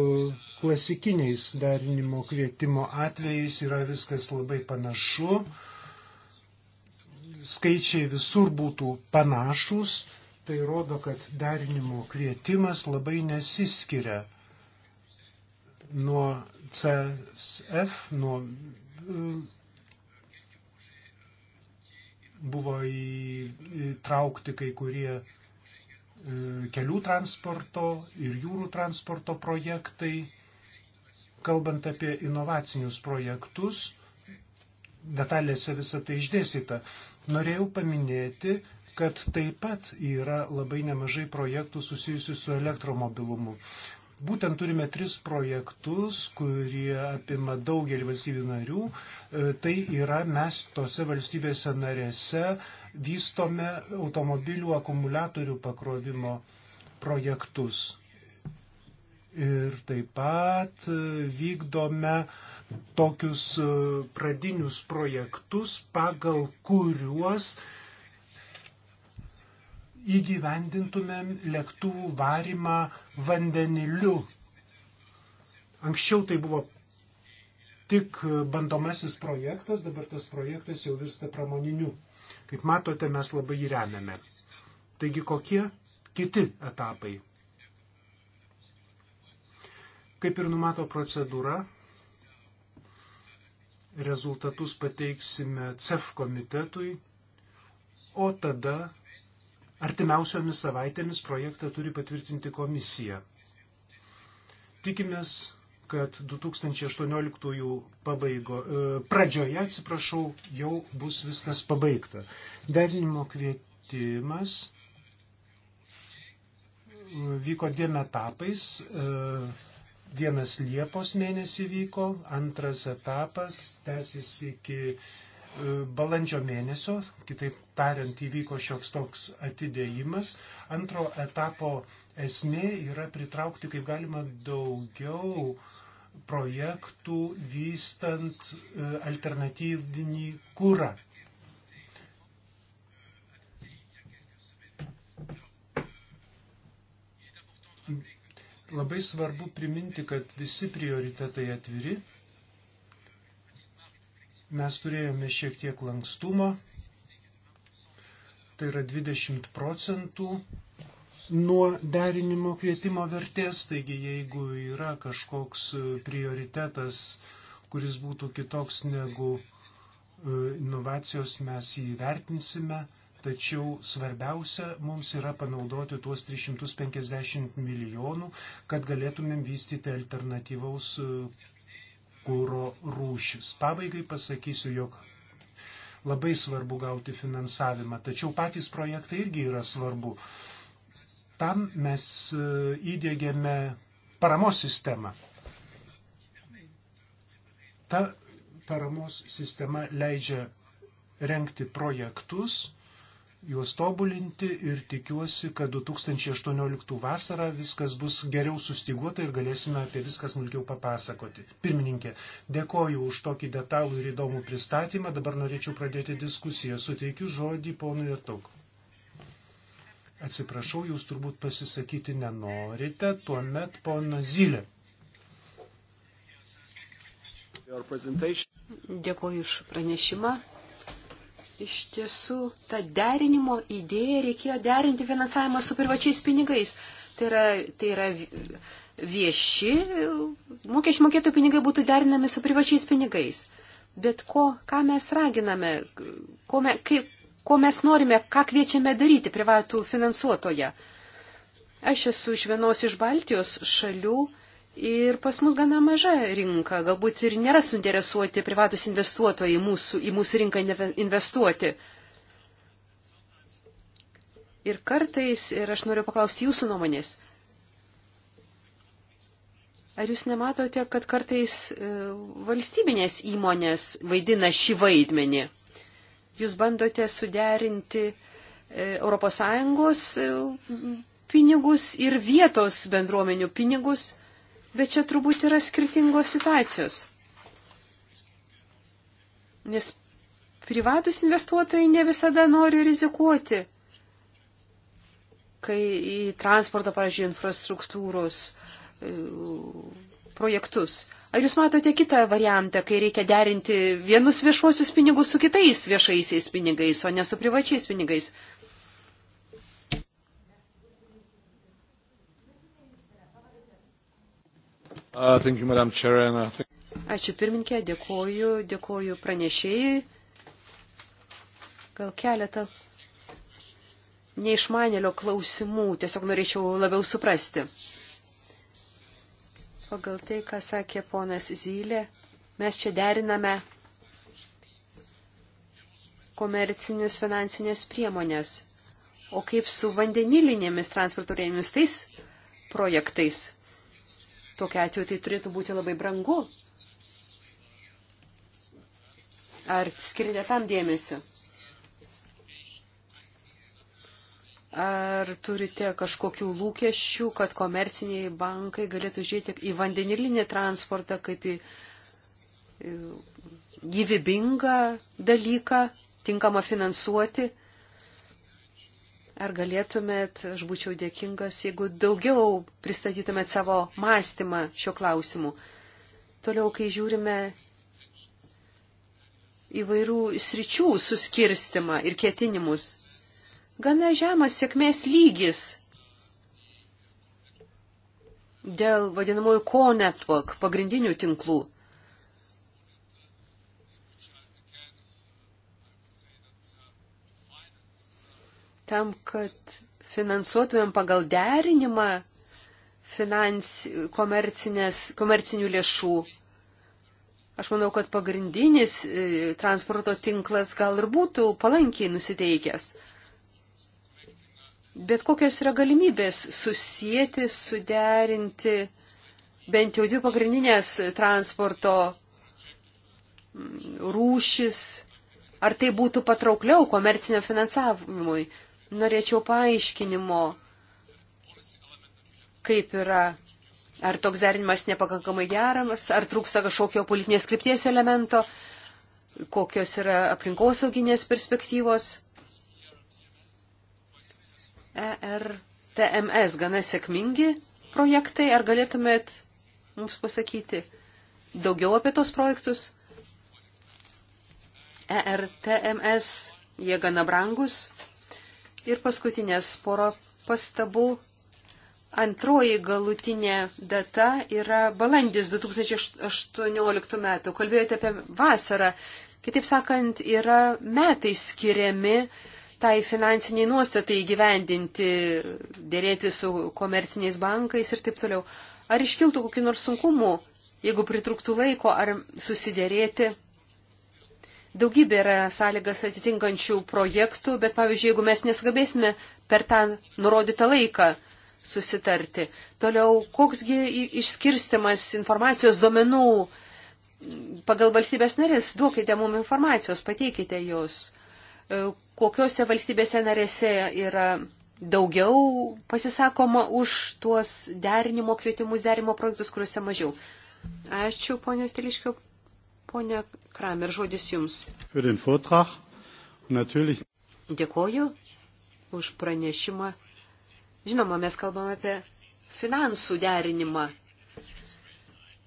B: klasikiniais darinimo kvietimo atvejais yra viskas labai panašu, skaičiai visur būtų panašus, tai rodo, kad darinimo kvietimas labai nesiskiria nuo CSF, nuo e, buvo įtraukti kai kurie e, kelių transporto ir jūrų transporto projektai. Kalbant apie inovacinius projektus, detalėse visą tai išdėstyta. Norėjau paminėti, kad taip pat yra labai nemažai projektų susijusių su elektromobilumu. Būtent turime tris projektus, kurie apima daugelį valstybių narių. E, tai yra mes tose valstybėse narėse vystome automobilių akumuliatorių pakrovimo projektus. Ir taip pat e, vykdome tokius e, pradinius projektus, pagal kuriuos uh, įgyvendintumėm lėktuvų varimą vandeniliu. Anksčiau tai buvo tik bandomasis projektas, dabar tas projektas jau virsta pramoniniu. Kaip matote, mes labai jį remiame. Taigi kokie kiti etapai? Kaip ir numato procedūra, rezultatus pateiksime CEF komitetui, o tada Artimiausiomis savaitėmis projektą turi patvirtinti komisija. Tikimės, kad 2018 pabaigo, e, pradžioje, atsiprašau, jau bus viskas pabaigta. Derinimo kvietimas e, vyko dviem etapais. E, vienas Liepos mėnesį vyko, antras etapas tęsis iki E, balandžio mėnesio, kitaip tariant, įvyko šioks toks atidėjimas. Antro etapo esmė yra pritraukti kaip galima daugiau projektų vystant e, alternatyvinį kūrą. Labai svarbu priminti, kad visi prioritetai atviri Mes turėjome šiek tiek lankstumo, tai yra 20 procentų nuo derinimo kvietimo vertės, taigi jeigu yra kažkoks e, prioritetas, kuris būtų kitoks negu e, inovacijos, mes jį vertinsime, tačiau svarbiausia mums yra panaudoti tuos 350 milijonų, kad galėtumėm vystyti alternatyvaus e, kūro rūšis. Pabaigai pasakysiu, jog labai svarbu gauti finansavimą, tačiau patys projektai irgi yra svarbu. Tam mes e, įdėgėme paramos sistemą. Ta paramos sistema leidžia renkti projektus, juos tobulinti ir tikiuosi, kad 2018 vasarą viskas bus geriau sustiguota ir galėsime apie viską smulkiau papasakoti. Pirmininkė, dėkoju už tokį detalų ir įdomų pristatymą. Dabar norėčiau pradėti diskusiją. Suteikiu žodį ponui Jatok. Atsiprašau, jūs turbūt pasisakyti nenorite. Tuomet pona Zylė. Dėkoju
C: už pranešimą iš tiesų tą derinimo idėją reikėjo derinti finansavimą su privačiais pinigais. Tai yra, tai yra vieši, mokesčių mokėtojų pinigai būtų derinami su privačiais pinigais. Bet ko, ką mes raginame, ko, me, kaip, ko mes norime, ką kviečiame daryti privatų finansuotoje. Aš esu iš vienos iš Baltijos šalių Ir pas mus gana maža rinka, galbūt ir nėra suinteresuoti privatus investuotojai mūsų, į mūsų rinką investuoti. Ir kartais, ir aš noriu paklausti jūsų nuomonės, ar jūs nematote, kad kartais e, valstybinės įmonės vaidina šį vaidmenį? Jūs bandote suderinti ES e, pinigus ir vietos bendruomenių pinigus Bet čia turbūt yra skirtingos situacijos. Nes privatus investuotojai ne visada nori rizikuoti, kai į transportą, pavyzdžiui, infrastruktūros e, projektus. Ar jūs matote kitą variantą, kai reikia derinti vienus viešuosius pinigus su kitais viešaisiais pinigais, o ne su privačiais pinigais?
B: Uh, you, Chair, and, uh, thank...
C: Ačiū pirminkė, dėkoju, dėkoju pranešėjai. Gal keletą neišmanėlio klausimų, tiesiog norėčiau labiau suprasti. Pagal tai, ką sakė ponas Zylė, mes čia deriname komercinius finansinės priemonės. O kaip su vandenilinėmis transporto rėmimis tais projektais? Tokia atveju tai turėtų būti labai brangu. Ar skirite tam dėmesio? Ar turite kažkokių lūkesčių, kad komerciniai bankai galėtų žiūrėti į vandenilinį transportą kaip į gyvybingą dalyką, tinkamą finansuoti? Ar galėtumėt, aš būčiau dėkingas, jeigu daugiau pristatytumėt savo mąstymą šiuo klausimu. Toliau, kai žiūrime įvairių sričių suskirstimą ir ketinimus, gana žemas sėkmės lygis dėl vadinamųjų co-network pagrindinių tinklų. tam, kad finansuotumėm pagal derinimą finans, komercinių lėšų. Aš manau, kad pagrindinis e, transporto tinklas gal ir būtų palankiai nusiteikęs. Bet kokios yra galimybės susijęti, suderinti bent jau dvi pagrindinės transporto rūšis, ar tai būtų patraukliau komerciniam finansavimui norėčiau paaiškinimo, kaip yra. Ar toks derinimas nepakankamai geramas, ar trūksta kažkokio politinės krypties elemento, kokios yra aplinkosauginės perspektyvos. ERTMS gana sėkmingi projektai, ar galėtumėt mums pasakyti daugiau apie tos projektus? ERTMS jie gana brangus, Ir paskutinės poro pastabų. Antroji galutinė data yra balandis 2018 metų. Kalbėjote apie vasarą. Kitaip sakant, yra metai skiriami tai finansiniai nuostatai gyvendinti, dėrėti su komerciniais bankais ir taip toliau. Ar iškiltų kokiu nors sunkumu, jeigu pritruktų laiko, ar susidėrėti Daugybė yra sąlygas atitinkančių projektų, bet pavyzdžiui, jeigu mes nesugebėsime per tą nurodytą laiką susitarti, toliau koksgi išskirstimas informacijos duomenų pagal valstybės narės, duokite mums informacijos, pateikite jos, e, kokiuose valstybėse narėse yra daugiau pasisakoma už tuos derinimo kvietimus, derinimo projektus, kuriuose mažiau. Ačiū, ponios Tiliškiu, Pone Kramer, žodis Jums. Dėkoju už pranešimą. Žinoma, mes kalbame apie finansų derinimą.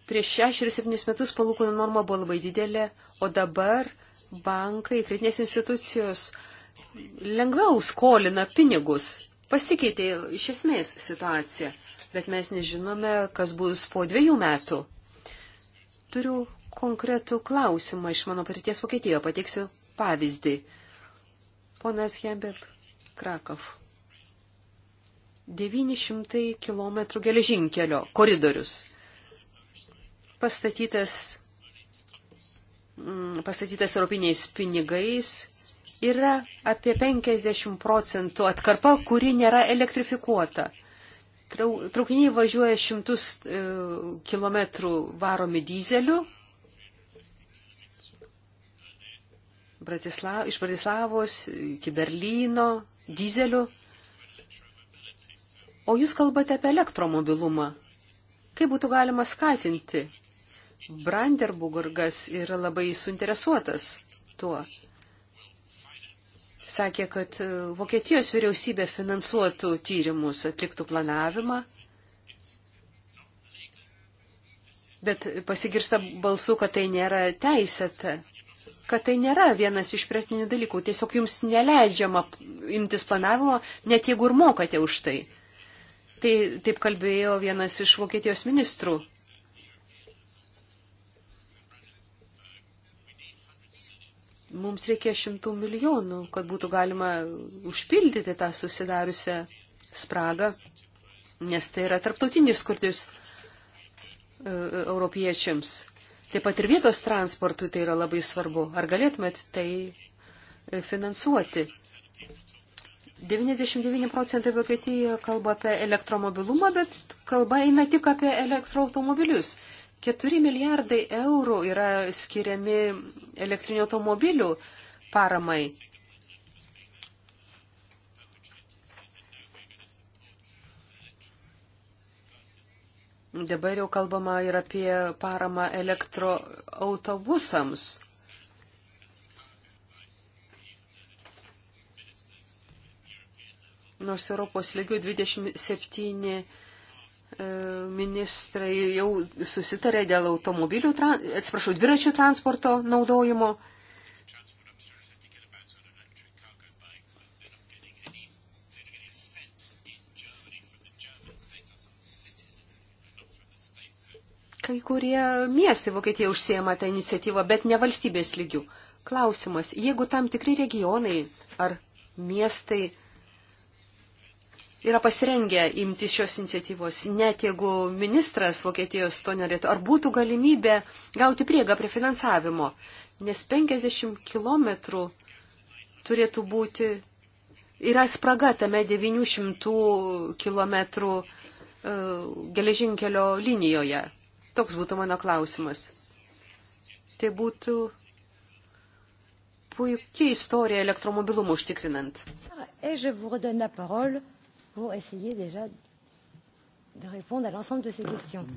C: Prieš šešerius septynis metus palūkanų norma buvo labai didelė, o dabar bankai, kritinės institucijos lengviau skolina pinigus. Pasikeitė iš esmės situacija, bet mes nežinome, kas bus po dviejų metų. Turiu konkretų klausimą iš mano patirties Vokietijoje. Pateiksiu pavyzdį. Ponas Hembert Krakov. 900 km geležinkelio koridorius pastatytas, mm, pastatytas europiniais pinigais yra apie 50 procentų atkarpa, kuri nėra elektrifikuota. Traukiniai važiuoja šimtus e, kilometrų varomi dizeliu, Bratisla, iš Bratislavos iki Berlyno dizeliu. O jūs kalbate apie elektromobilumą. Kaip būtų galima skatinti? Brandenburgas yra labai suinteresuotas tuo. Sakė, kad e, Vokietijos vyriausybė finansuotų tyrimus, atliktų planavimą, bet pasigirsta balsų, kad tai nėra teisėta kad tai nėra vienas iš prietinių dalykų. Tiesiog jums neleidžiama imtis planavimo, net jeigu ir mokate už tai. Tai taip kalbėjo vienas iš Vokietijos ministrų. Mums reikia šimtų milijonų, kad būtų galima užpildyti tą susidariusią spragą, nes tai yra tarptautinis skurdis e, e, europiečiams. Taip pat ir vietos transportui tai yra labai svarbu. Ar galėtumėt tai e, finansuoti? 99 procentai Vokietijoje kalba apie elektromobilumą, bet kalba eina tik apie elektroautomobilius. 4 milijardai eurų yra skiriami elektrinio automobilių paramai. Dabar jau kalbama ir apie paramą elektroautobusams. Nors Europos lygių 27 e, ministrai jau susitarė dėl automobilių, atsiprašau, dviračių transporto naudojimo. Kai kurie miestai Vokietija užsiema tą iniciatyvą, bet ne valstybės lygių. Klausimas, jeigu tam tikri regionai ar miestai yra pasirengę imti šios iniciatyvos, net jeigu ministras Vokietijos to norėtų, ar būtų galimybė gauti priegą prie finansavimo, nes 50 km turėtų būti, yra spraga tame 900 km e, geležinkelio linijoje. Toks būtų mano klausimas. Tai būtų puikiai istorija elektromobilumų užtikrinant. de répondre à l'ensemble de ces questions.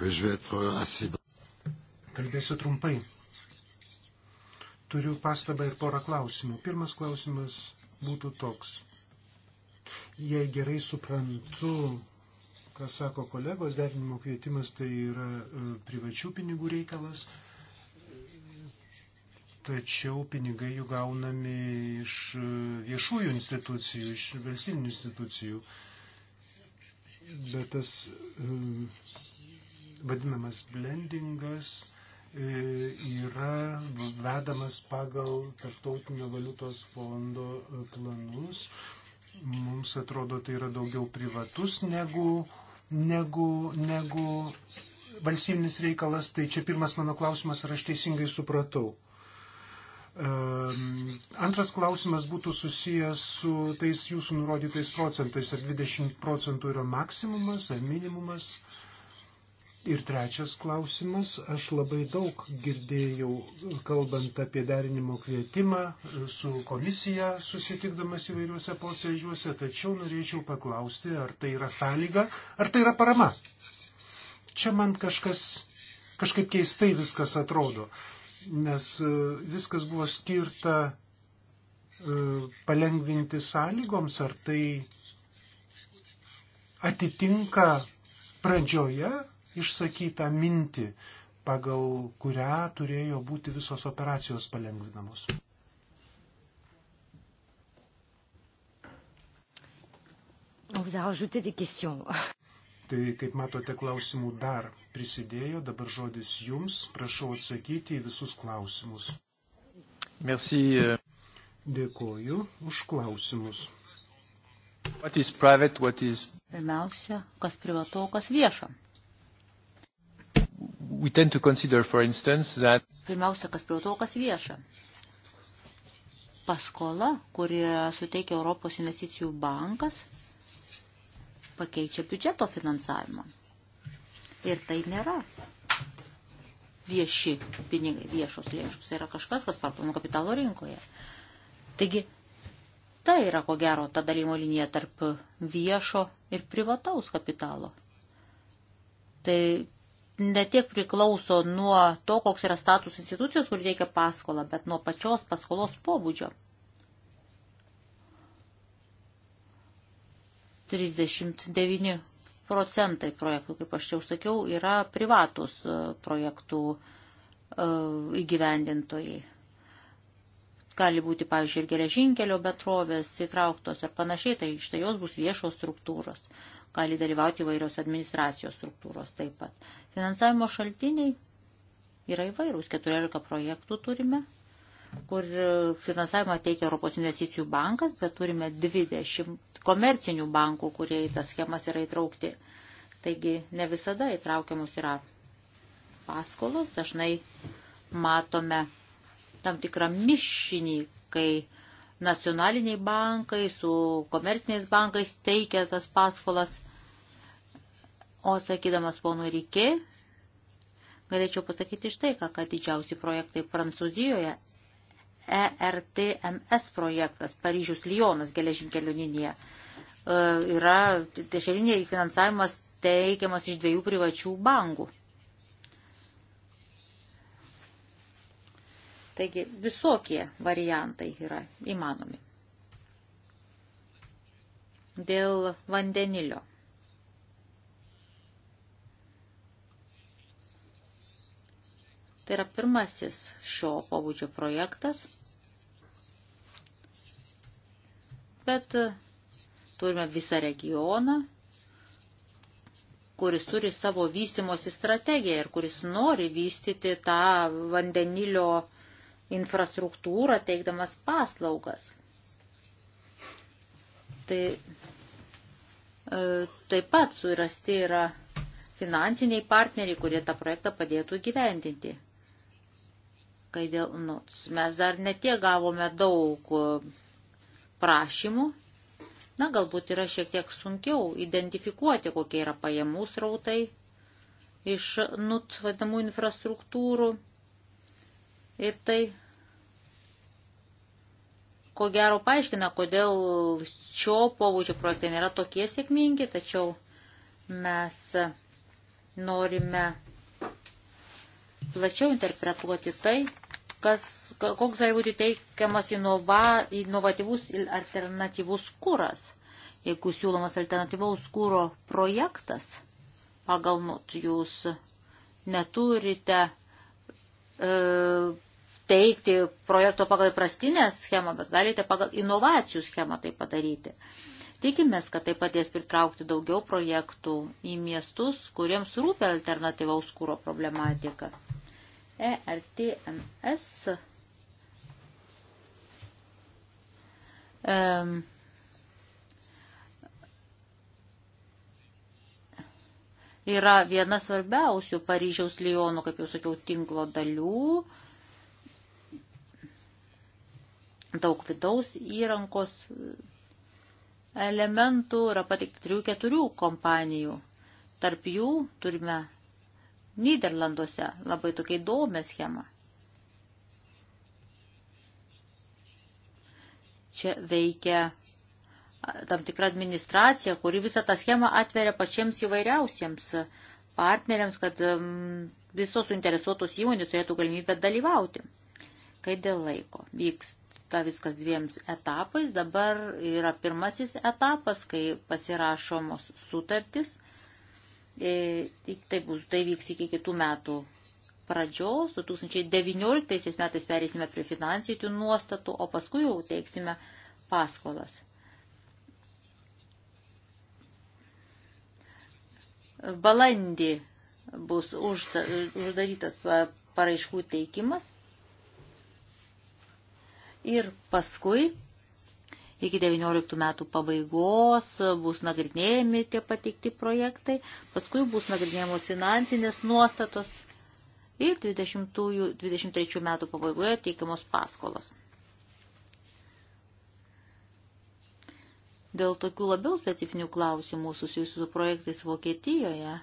B: Je vais être assez... Kalbėsiu trumpai. Turiu pastabą ir porą klausimų. Pirmas klausimas būtų toks. Jei gerai suprantu, ką sako kolegos, derinimo kvietimas tai yra e, privačių pinigų reikalas, tačiau pinigai jų gaunami iš e, viešųjų institucijų, iš valstybinių institucijų. Bet tas e, vadinamas blendingas E, yra vedamas pagal Tarptautinio valiutos fondo planus. Mums atrodo, tai yra daugiau privatus negu, negu, negu valstybinis reikalas. Tai čia pirmas mano klausimas, ar aš teisingai supratau. Antras klausimas būtų susijęs su tais jūsų nurodytais procentais. Ar 20 procentų yra maksimumas ar minimumas? Uh, Ir trečias klausimas, aš labai daug girdėjau, kalbant apie derinimo kvietimą su komisija, susitikdamas įvairiuose posėdžiuose, tačiau norėčiau paklausti, ar tai yra sąlyga, ar tai yra parama. Čia man kažkas, kažkaip keistai viskas atrodo, nes e, viskas buvo skirta e, palengvinti sąlygoms, ar tai atitinka pradžioje išsakytą mintį, pagal kurią turėjo būti visos operacijos palengvinamos. Tai, kaip matote, klausimų dar prisidėjo. Dabar žodis jums. Prašau atsakyti į visus klausimus. Merci. Euh, Dėkoju už klausimus. What is private, what is...
A: Pirmiausia, kas privatu, kas vieša.
B: Consider, instance, that...
A: Pirmiausia, kas prie to, kas vieša. Paskola, kuri suteikia Europos investicijų bankas, pakeičia biudžeto finansavimą. Ir tai nėra vieši pinigai, viešos lėšos. Tai yra kažkas, kas parduodama kapitalo rinkoje. Taigi, tai yra ko gero ta dalymo linija tarp viešo ir privataus kapitalo. Tai netiek priklauso nuo to, koks yra status institucijos, kur teikia paskolą, bet nuo pačios paskolos pobūdžio. 39 procentai projektų, kaip aš jau sakiau, yra privatus e, projektų e, įgyvendintojai gali būti, pavyzdžiui, ir geležinkelio betrovės įtrauktos ar panašiai, tai štai jos bus viešos struktūros, gali dalyvauti įvairios administracijos struktūros taip pat. Finansavimo šaltiniai yra įvairūs, 14 projektų turime, kur finansavimą teikia Europos investicijų bankas, bet turime 20 komercinių bankų, kurie į tas schemas yra įtraukti. Taigi ne visada įtraukiamus yra paskolos, dažnai matome tam tikrą mišinį, kai nacionaliniai bankai su komerciniais bankais teikia tas paskolas. O sakydamas ponui Rikė, galėčiau pasakyti štai ką, kad didžiausi projektai Prancūzijoje ERTMS projektas Paryžius Lyonas geležinkelių linija e, yra tešelinė finansavimas teikiamas iš dviejų privačių bankų. Taigi visokie variantai yra įmanomi. Dėl vandenilio. Tai yra pirmasis šio pabudžio projektas, bet turime visą regioną, kuris turi savo vystimosi strategiją ir kuris nori vystyti tą vandenilio uh, infrastruktūrą, teikdamas paslaugas. Tai e, taip pat surasti yra finansiniai partneriai, kurie tą projektą padėtų gyvendinti. Kai dėl NOTS mes dar netie gavome daug e, prašymų, na galbūt yra šiek tiek sunkiau identifikuoti, kokie yra pajamų srautai iš NUT vadamų infrastruktūrų. Ir tai, ko gero, paaiškina, kodėl šio pobūdžio projektai nėra tokie sėkmingi, tačiau mes norime plačiau interpretuoti tai, kas, koks gali būti teikiamas inova, inovatyvus ir alternatyvus kūras. Jeigu siūlomas alternatyvaus kūro projektas, pagal NUT jūs neturite E, teikti projekto pagal prastinę schemą, bet galite pagal inovacijų schemą tai padaryti. Tikimės, kad tai padės pritraukti daugiau projektų į miestus, kuriems rūpia alternatyvaus kūro problematika. ERTMS. Um, yra viena svarbiausių Paryžiaus Lyono, kaip jau sakiau, tinklo dalių. Daug vidaus įrankos elementų yra pateikti trijų keturių kompanijų. Tarp jų turime Niderlanduose labai tokia įdomi schema. Čia veikia tam tikra administracija, kuri visą tą schemą atveria pačiems įvairiausiems partneriams, kad visos suinteresuotos įmonės turėtų galimybę dalyvauti. Kai dėl laiko vyksta viskas dviems etapais, dabar yra pirmasis etapas, kai pasirašomos sutartis. E, tai, bus, tai vyks iki kitų metų pradžios, 2019 metais perėsime prie finansinių nuostatų, o paskui jau teiksime paskolas. balandį bus uždarytas paraiškų teikimas ir paskui iki 19 metų pabaigos bus nagrinėjami tie pateikti projektai, paskui bus nagrinėjamos finansinės nuostatos ir 20, 23 metų pabaigoje teikiamos paskolos. Dėl tokių labiau specifinių klausimų susijusių su projektais Vokietijoje e,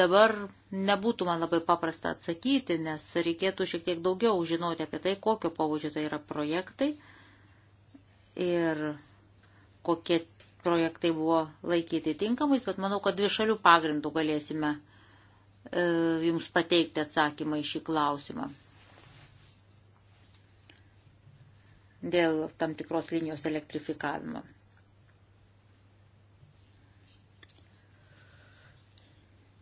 A: dabar nebūtų man labai paprasta atsakyti, nes reikėtų šiek tiek daugiau žinoti apie tai, kokio pavudžio tai yra projektai ir kokie projektai buvo laikyti tinkamais, bet manau, kad dvi šalių pagrindų galėsime e, jums pateikti atsakymą į šį klausimą. dėl tam tikros linijos elektrifikavimo.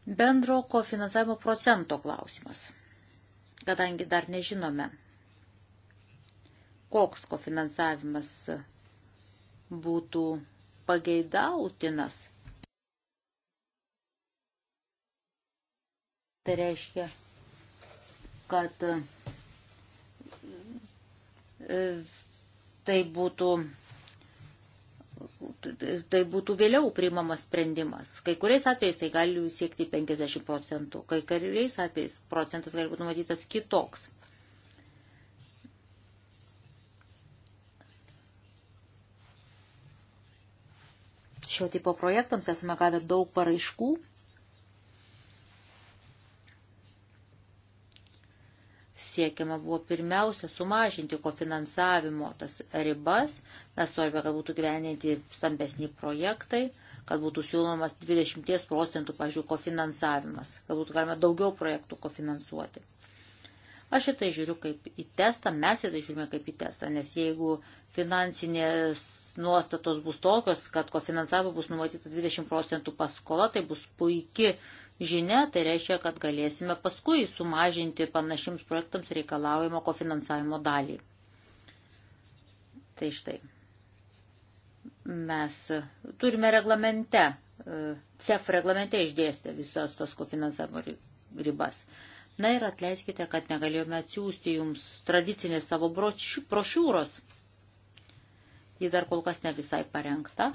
A: Bendro kofinansavimo procento klausimas, kadangi dar nežinome, koks kofinansavimas būtų pageidautinas. Tai reiškia, kad tai būtų, tai būtų vėliau priimamas sprendimas. Kai kuriais atvejais tai gali siekti 50 procentų, kai kuriais atvejais procentas gali būti numatytas kitoks. Šio tipo projektams esame gavę daug paraiškų siekiama buvo pirmiausia sumažinti kofinansavimo tas ribas, mes norime, kad būtų gyveninti stambesni projektai, kad būtų siūlomas 20 procentų, pažiūrėjau, kofinansavimas, kad būtų galima daugiau projektų kofinansuoti. Aš į tai žiūriu kaip į testą, mes į tai žiūrime kaip į testą, nes jeigu finansinės nuostatos bus tokios, kad kofinansavimo bus numatyta 20 procentų paskola, tai bus puikiai žinia, tai reiškia, kad galėsime paskui sumažinti panašiams projektams reikalaujamo kofinansavimo dalį. Tai štai. Mes turime reglamente, e, CEF reglamente išdėstę visas tos kofinansavimo ribas. Na ir atleiskite, kad negalėjome atsiųsti jums tradicinės savo brošiūros. Ji dar kol kas ne visai parengta.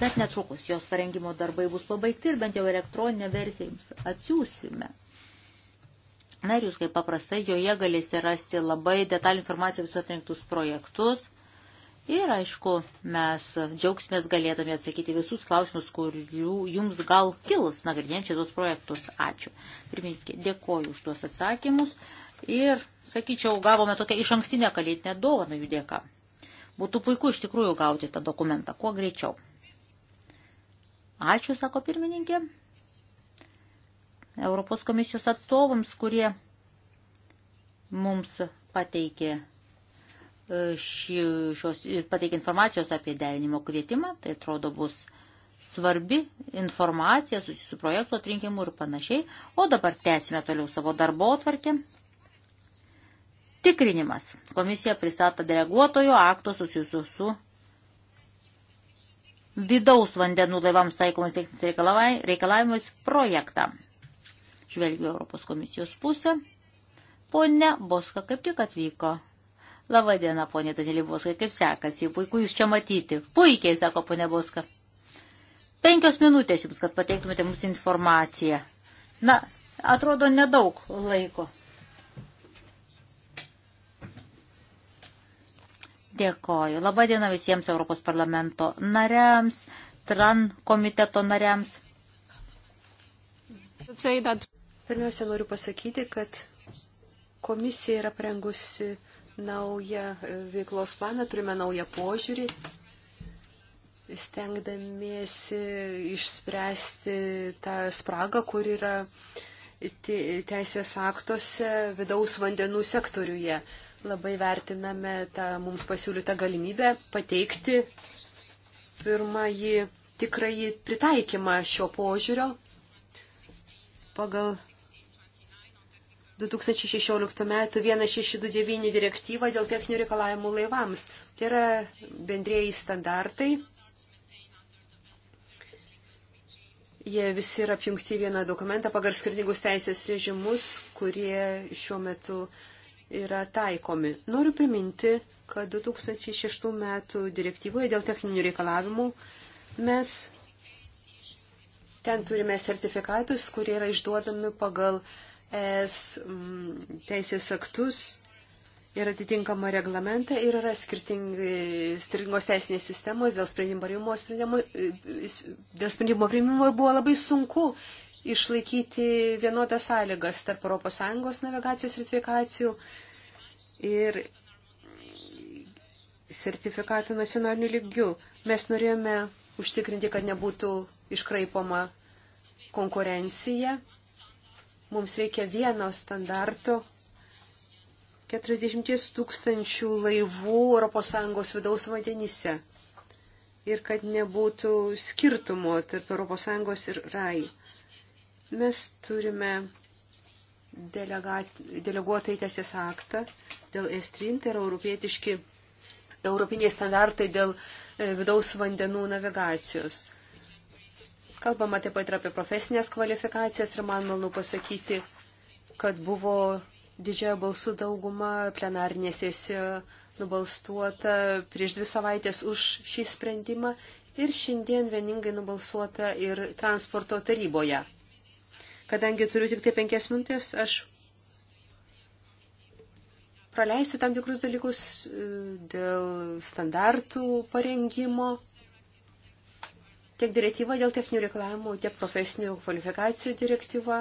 A: Bet netrukus jos parengimo darbai bus pabaigti ir bent jau elektroninę versiją jums atsiūsime. Na ir jūs kaip paprastai joje galėsite rasti labai detalį informaciją visus atrinktus projektus. Ir aišku, mes džiaugsimės galėdami atsakyti visus klausimus, kurių jums gal kils nagrinėjančiai tos projektus. Ačiū. Pirmininkė, dėkoju už tuos atsakymus. Ir, sakyčiau, gavome tokią iš ankstinę kalėdinę dovaną jų dėka. Būtų puiku iš tikrųjų gauti tą dokumentą kuo greičiau. Ačiū, sako pirmininkė, Europos komisijos atstovams, kurie mums pateikė, e, ši, šios, pateikė informacijos apie derinimo kvietimą. Tai atrodo bus svarbi informacija susijusi su projektu atrinkimu ir panašiai. O dabar tęsime toliau savo darbo atvarkę. Tikrinimas. Komisija pristato deleguotojo akto susijusiu su vidaus vandenų laivams taikomus techniniais reikalavimais projektą. Žvelgiu Europos komisijos pusę. Pone Boska kaip tik atvyko. Labą dieną, ponė Danilė Boska, kaip sekasi, puiku jūs čia matyti. Puikiai, sako ponė Boska. Penkios minutės jums, kad pateiktumėte mums informaciją. Na, atrodo nedaug laiko. Dėkoju. Labadiena visiems Europos parlamento nariams, TRAN komiteto nariams.
C: Pirmiausia, noriu pasakyti, kad komisija yra prengusi naują e, veiklos planą, turime naują požiūrį, stengdamiesi išspręsti tą spragą, kur yra teisės aktuose vidaus vandenų sektoriuje. Labai vertiname tą mums pasiūlytą galimybę pateikti pirmąjį tikrąjį pritaikymą šio požiūrio pagal 2016 m. 1629 direktyvą dėl techninių reikalavimų laivams. Tai yra bendrėjai standartai. Jie visi yra apjungti vieną dokumentą pagal skirtingus teisės režimus, kurie šiuo metu uh, yra taikomi. Noriu priminti, kad 2006 metų direktyvoje dėl techninių reikalavimų mes ten turime sertifikatus, kurie yra išduodami pagal ES mm, teisės aktus ir atitinkamą reglamentą ir yra skirtingos teisinės sistemos dėl sprendimo priimimo, sprendimo, e, dėl sprendimo priimimo buvo labai sunku išlaikyti vienodas sąlygas tarp ES navigacijos sertifikacijų ir sertifikatų nacionalinių lygių. Mes norėjome užtikrinti, kad nebūtų iškraipoma konkurencija. Mums reikia vieno standarto 40 tūkstančių laivų ES vidaus vandenyse ir kad nebūtų skirtumo tarp ES ir RAI. Mes turime deleguotą įtesės aktą dėl estrin, tai yra europietiški, europiniai standartai dėl e, vidaus vandenų navigacijos. Kalbama taip pat ir apie profesinės kvalifikacijas ir man malonu pasakyti, kad buvo didžiojo balsų dauguma plenarinė sesija nubalstuota prieš dvi savaitės už šį sprendimą ir šiandien vieningai nubalsuota ir transporto taryboje. Kadangi turiu tik tai penkias minutės, aš praleisiu tam tikrus dalykus e, dėl standartų parengimo, tiek direktyva dėl techninių reikalavimų, tiek profesinių kvalifikacijų direktyva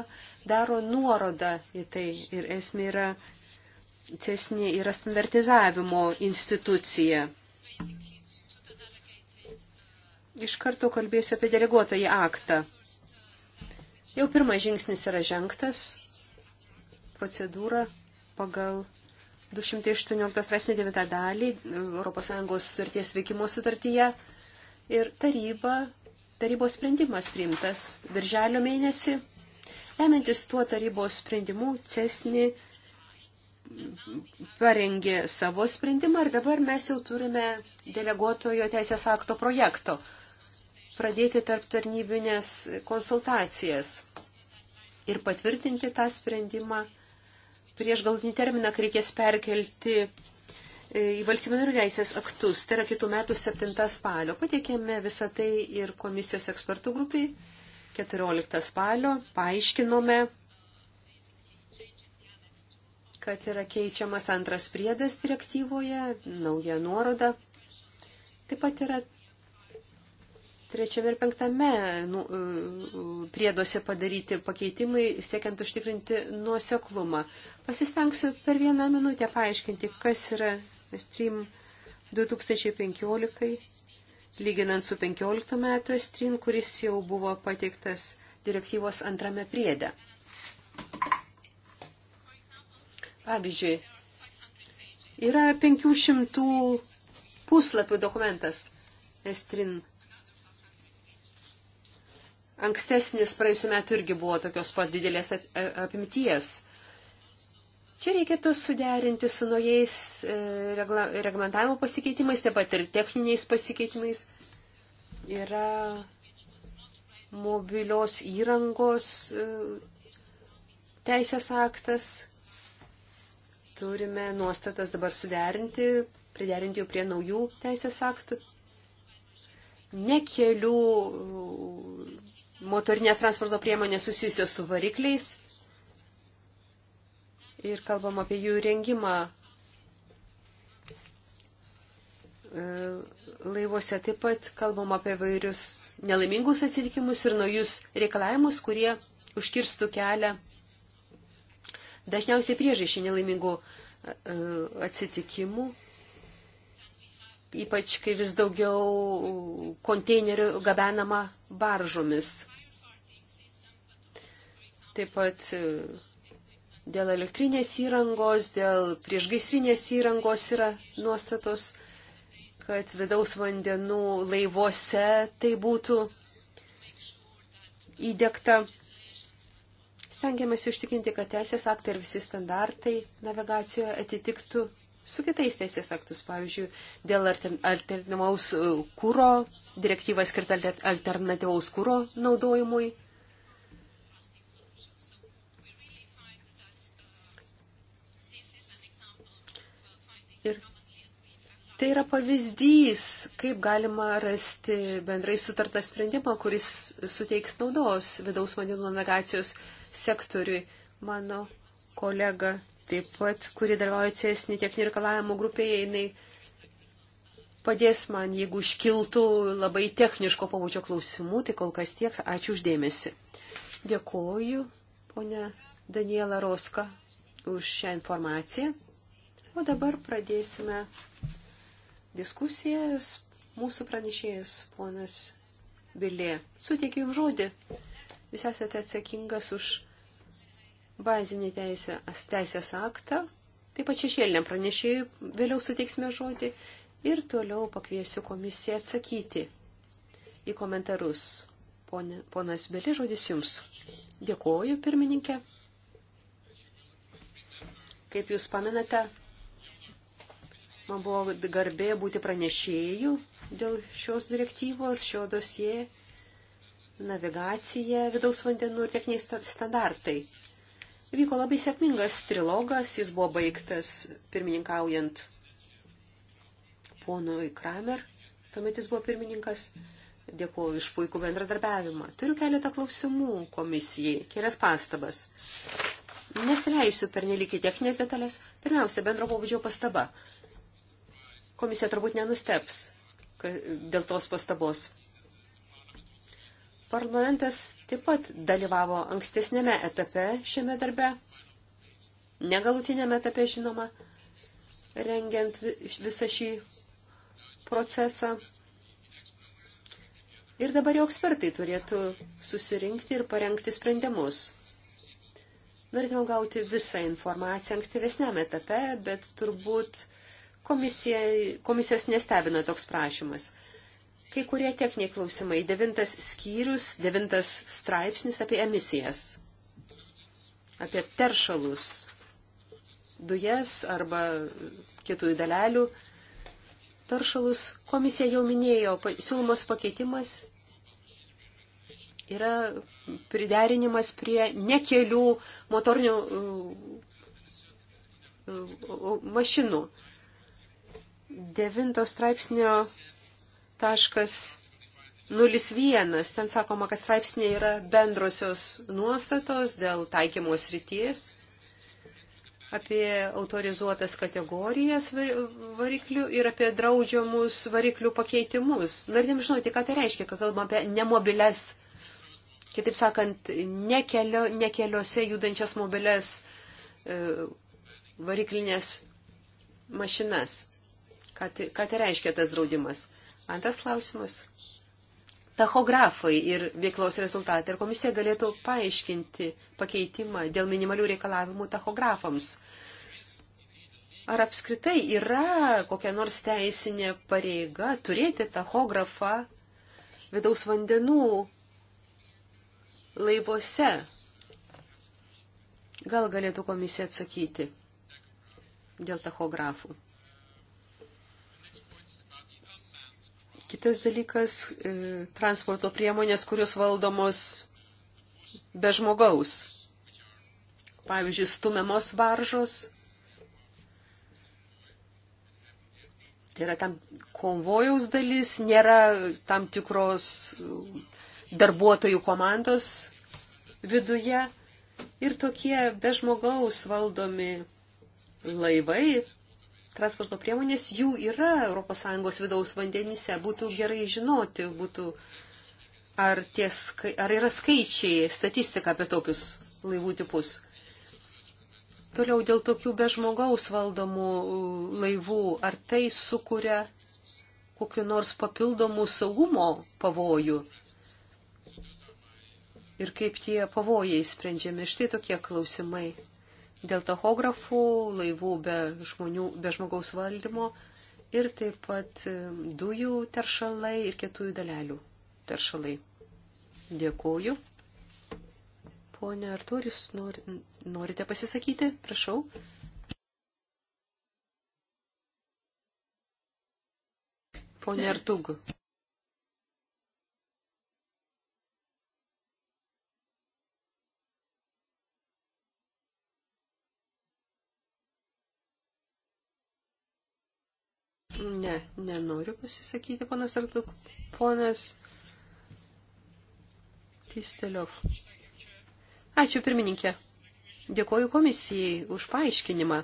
C: daro nuorodą į tai ir esmė yra, cesnė yra standartizavimo institucija. Iš karto kalbėsiu apie deleguotąjį aktą. Jau pirmas žingsnis yra žengtas, procedūra pagal 218 straipsnį 9 dalį ES sutarties veikimo sutartyje ir taryba, tarybos sprendimas priimtas birželio mėnesį. Remiantis tuo tarybos sprendimu, Cesni parengė savo sprendimą ir dabar mes jau turime deleguotojo teisės akto projekto pradėti tarp tarnybinės konsultacijas ir patvirtinti tą sprendimą. Prieš galutinį terminą reikės perkelti e, į valstybių narių teisės aktus. Tai yra kitų metų 7 spalio. Pateikėme visą tai ir komisijos ekspertų grupiai 14 spalio. Paaiškinome, kad yra keičiamas antras priedas direktyvoje, nauja nuoroda. Taip pat yra trečiame ir penktame nu, e, prieduose padaryti pakeitimai, siekiant užtikrinti nuoseklumą. Pasistengsiu per vieną minutę paaiškinti, kas yra Stream 2015, lyginant su 15 metų Stream, kuris jau buvo pateiktas direktyvos antrame priede. Pavyzdžiui, yra 500 puslapių dokumentas Estrin 2015 Ankstesnis praėjusiu metu irgi buvo tokios pat didelės apimties. Čia reikėtų suderinti su naujais e, regla, reglamentavimo pasikeitimais, taip pat ir techniniais pasikeitimais. Yra mobilios įrangos e, teisės aktas. Turime nuostatas dabar suderinti, priderinti jau prie naujų teisės aktų. Ne kelių motorinės transporto priemonės susijusios su varikliais ir kalbam apie jų rengimą e, laivuose. Taip pat kalbam apie vairius nelaimingus atsitikimus ir naujus reikalavimus, kurie užkirstų kelią dažniausiai priežasčiai nelaimingų e, e, atsitikimų ypač kai vis daugiau konteinerių gabenama baržomis. Taip pat e, dėl elektrinės įrangos, dėl priešgaisrinės įrangos yra nuostatos, kad vidaus vandenų laivuose tai būtų įdėkta. Stengiamasi užtikrinti, kad teisės aktai ir visi standartai navigacijoje atitiktų su kitais teisės aktus, pavyzdžiui, dėl alternatyvaus e, kūro, direktyva skirta alternatyvaus kūro naudojimui. Ir tai yra pavyzdys, kaip galima rasti bendrai sutartą sprendimą, kuris suteiks naudos vidaus vandenų navigacijos sektoriui. Mano kolega taip pat, kuri dalyvauja CESNI techninių reikalavimų grupėje, jinai padės man, jeigu iškiltų labai techniško pabudžio klausimų, tai kol kas tiek. Ačiū uždėmesi. Dėkuoju, ponia Daniela Roska, už šią informaciją. O dabar pradėsime diskusijas. Mūsų pranešėjas, ponas Bilė, suteikiu jums žodį. Jūs esate atsakingas už bazinį teisę, teisės aktą, taip pat šešėlinę pranešėjų, vėliau suteiksime žodį ir toliau pakviesiu komisiją atsakyti į komentarus. Pone, ponas Beli, žodis jums. Dėkuoju, pirmininkė. Kaip jūs pamenate, man buvo garbė būti pranešėjų dėl šios direktyvos, šio dosie, navigacija, vidaus vandenų ir techniniai standartai. Vyko labai sėkmingas trilogas, jis buvo baigtas pirmininkaujant ponui Kramer, tuomet jis buvo pirmininkas. Dėkuoju iš puikų bendradarbiavimą. Turiu keletą klausimų komisijai, kelias pastabas. Nesileisiu per nelikį techninės detalės. Pirmiausia, bendro pobūdžio pastaba. Komisija turbūt nenusteps dėl tos pastabos. Parlamentas taip pat dalyvavo ankstesnėme etape šiame darbe, negalutinėme etape, žinoma, rengiant visą šį procesą. Ir dabar jau ekspertai turėtų susirinkti ir parengti sprendimus. Norėtume gauti visą informaciją ankstyvesniam etape, bet turbūt komisija, komisijos nestebina toks prašymas. Kai kurie techniniai klausimai. Devintas skyrius, devintas straipsnis apie emisijas, apie teršalus, dujas arba kietųjų dalelių. Taršalus komisija jau minėjo, siūlomas pakeitimas yra priderinimas prie nekelių motorinių uh, uh, uh, mašinų. Devinto straipsnio taškas 01. Ten sakoma, kad straipsnė yra bendrosios nuostatos dėl taikymos ryties apie autorizuotas kategorijas variklių ir apie draudžiamus variklių pakeitimus. Norėtum žinoti, ką tai reiškia, kai kalbam apie nemobiles, kitaip sakant, nekelio, nekeliuose judančias mobiles e, variklinės mašinas. Ką tai, ką tai reiškia tas draudimas? Antras klausimas. Tachografai ir veiklos rezultatai. Ar komisija galėtų paaiškinti pakeitimą dėl minimalių reikalavimų tachografams? Ar apskritai yra kokia nors teisinė pareiga turėti tachografą vidaus vandenų laivuose? Gal galėtų komisija atsakyti dėl tachografų? Kitas dalykas e, - transporto priemonės, kurios valdomos be žmogaus. Pavyzdžiui, stumiamos varžos. Tai yra tam konvojaus dalis, nėra tam tikros darbuotojų komandos viduje. Ir tokie be žmogaus valdomi laivai transporto priemonės jų yra ES vidaus vandenyse. Būtų gerai žinoti, būtų, ar, ties, ar yra skaičiai, statistika apie tokius laivų tipus. Toliau dėl tokių be žmogaus valdomų uh, laivų, ar tai sukuria kokiu nors papildomų saugumo pavojų? Ir kaip tie pavojai sprendžiami? Štai tokie klausimai dėl tachografų, laivų be, žmonių, be žmogaus valdymo ir taip pat e, dujų teršalai ir kietųjų dalelių teršalai. Dėkuoju. Pone Artur, jūs nor, norite pasisakyti? Prašau. Pone Artugu. Ne, nenoriu pasisakyti, ponas Artuk. Ponas Kisteliov. Ačiū, pirmininkė. Dėkoju komisijai už paaiškinimą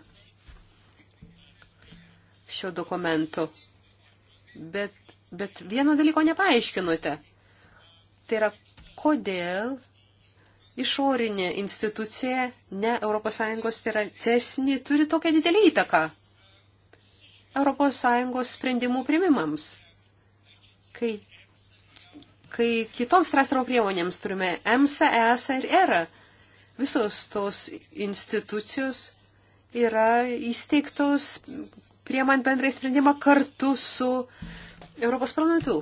C: šio dokumento. Bet, bet vieno dalyko nepaaiškinote. Tai yra, kodėl išorinė institucija, ne ES, tai yra CESNI, turi tokią didelį įtaką ES sprendimų primimams, kai, kai kitoms strasro priemonėms turime EMSA, ESA ir ERA. Visos tos institucijos yra įsteigtos priemant bendrai sprendimą kartu su Europos parlamentu.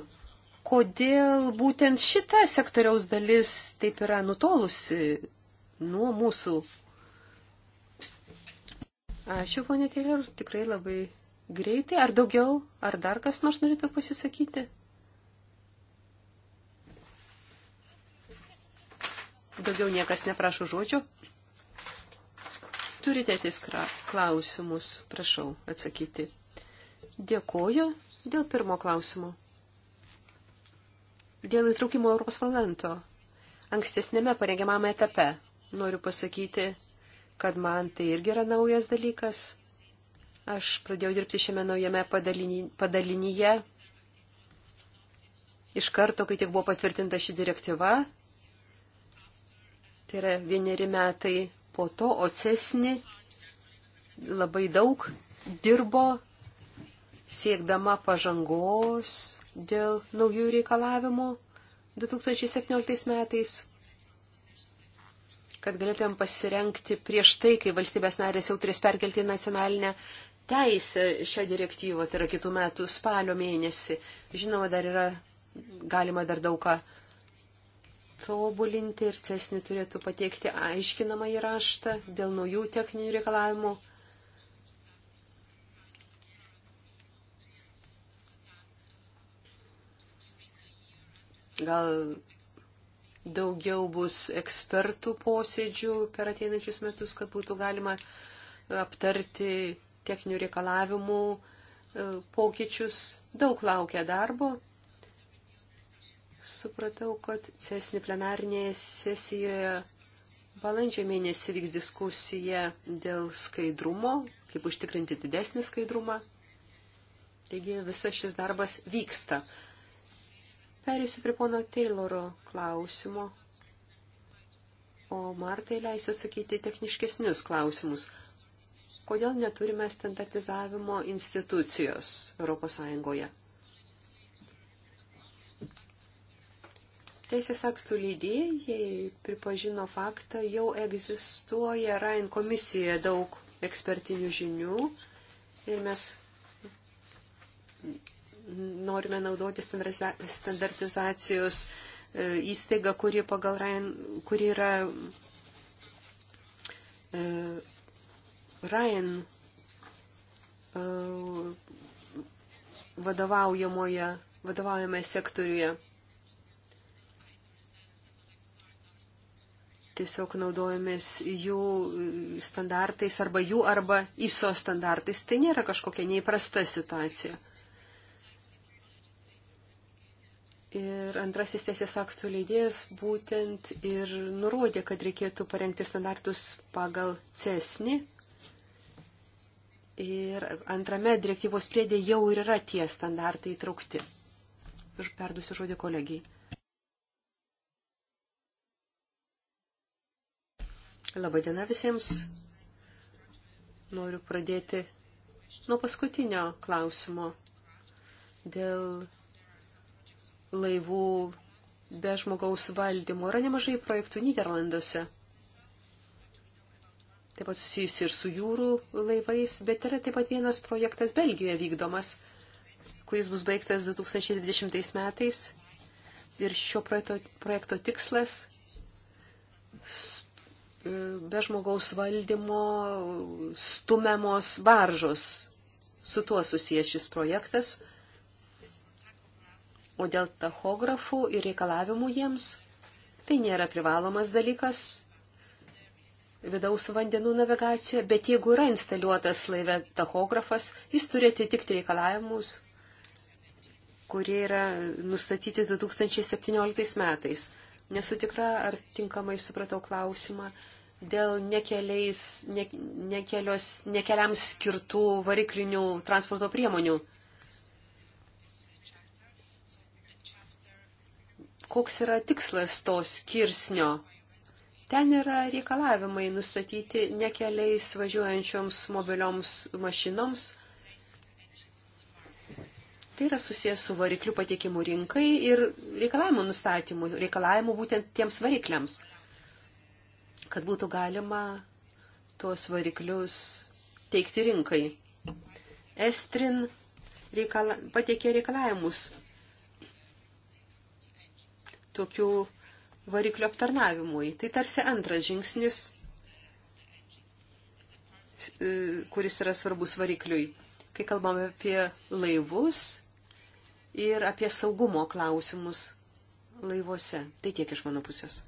C: Kodėl būtent šita sektoriaus dalis taip yra nutolusi nuo mūsų? Ačiū, ponė Taylor, tikrai labai greitai, ar daugiau, ar dar kas nors norėtų pasisakyti? Daugiau niekas neprašo žodžio. Turite tis klausimus, prašau atsakyti. Dėkoju dėl pirmo klausimo. Dėl įtraukimo Europos parlamento. Ankstesnėme parengiamame etape noriu pasakyti, kad man tai irgi yra naujas dalykas. Aš pradėjau dirbti šiame naujame padalinyje iš karto, kai tik buvo patvirtinta ši direktyva. Tai yra vieneri metai po to, o cesni labai daug dirbo siekdama pažangos dėl naujų reikalavimų 2017 metais, kad galėtumėm pasirenkti prieš tai, kai valstybės narės jau turės perkelti nacionalinę teisę šią direktyvą, tai yra kitų metų spalio mėnesį. Žinoma, dar yra, galima dar daug ką tobulinti ir tesnį turėtų pateikti aiškinamą įraštą dėl naujų techninių reikalavimų. Gal daugiau bus ekspertų posėdžių per ateinančius metus, kad būtų galima aptarti techninių reikalavimų e, pokyčius. Daug laukia darbo. Supratau, kad sesinė plenarinėje sesijoje balandžio mėnesį vyks diskusija dėl skaidrumo, kaip užtikrinti didesnį skaidrumą. Taigi visas šis darbas vyksta. Perėsiu prie pono Tayloro klausimo, o Martai leisiu atsakyti techniškesnius klausimus kodėl neturime standartizavimo institucijos ES. Teisės aktų leidėjai pripažino faktą, jau egzistuoja RAIN komisijoje daug ekspertinių žinių ir mes norime naudoti standartizacijos e, įstaigą, kuri, pagal RAIN, kuri yra e, Ryan e, vadovaujamoje, vadovaujame sektoriuje. Tiesiog naudojamės jų standartais arba jų arba ISO standartais. Tai nėra kažkokia neįprasta situacija. Ir antrasis teisės aktų leidėjas būtent ir nurodė, kad reikėtų parengti standartus pagal CESNI, Ir antrame direktyvos priedė jau ir yra tie standartai įtraukti. Ir perdusiu žodį kolegijai. Labadiena visiems. Noriu pradėti nuo paskutinio klausimo dėl laivų be žmogaus valdymo. Yra nemažai projektų Niderlanduose taip pat susijusi ir su jūrų laivais, bet yra taip pat vienas projektas Belgijoje vykdomas, kuris bus baigtas 2020 metais. Ir šio projekto, projekto tikslas e, be žmogaus valdymo stumiamos baržos. Su tuo susijęs šis projektas. O dėl tachografų ir reikalavimų jiems, tai nėra privalomas dalykas, vidaus vandenų navigacijoje, bet jeigu yra instaliuotas laive tachografas, jis turi atitikti reikalavimus, kurie yra nustatyti 2017 metais. Nesu tikra, ar tinkamai supratau klausimą dėl nekeliais, ne, nekelios, nekeliams skirtų variklinių transporto priemonių. Koks yra tikslas to skirsnio Ten yra reikalavimai nustatyti ne keliais važiuojančioms mobilioms mašinoms. Tai yra susijęs su variklių patiekimu rinkai ir reikalavimų nustatymu, reikalavimų būtent tiems varikliams, kad būtų galima tuos variklius teikti rinkai. Estrin reikala, patiekė reikalavimus tokių variklio aptarnavimui. Tai tarsi antras žingsnis, e, kuris yra svarbus varikliui. Kai kalbame apie laivus ir apie saugumo klausimus laivuose. Tai tiek iš mano pusės.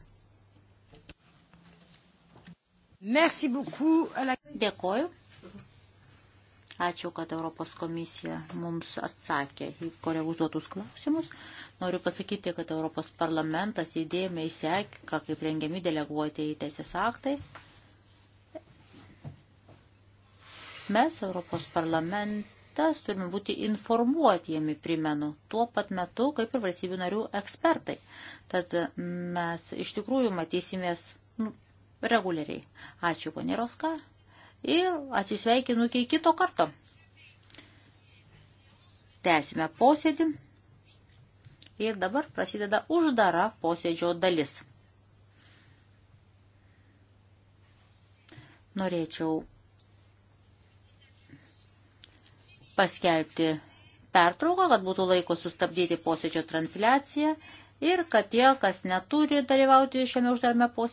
A: Dėkoju. Ačiū, kad Europos komisija mums atsakė į kurio užduotus klausimus. Noriu pasakyti, kad Europos parlamentas įdėmiai seka, kaip rengiami deleguoti į teisės aktai. Mes, Europos parlamentas, turime būti informuoti, jami primenu, tuo pat metu, kaip ir valstybių narių ekspertai. Tad mes iš tikrųjų matysimės nu, reguliariai. Ačiū, ponė Roska ir atsisveikinu iki kito karto. Tęsime posėdį ir dabar prasideda uždara posėdžio dalis. Norėčiau paskelbti pertrauką, kad būtų laiko sustabdyti posėdžio transliaciją ir kad tie, kas neturi dalyvauti šiame uždarme posėdžio,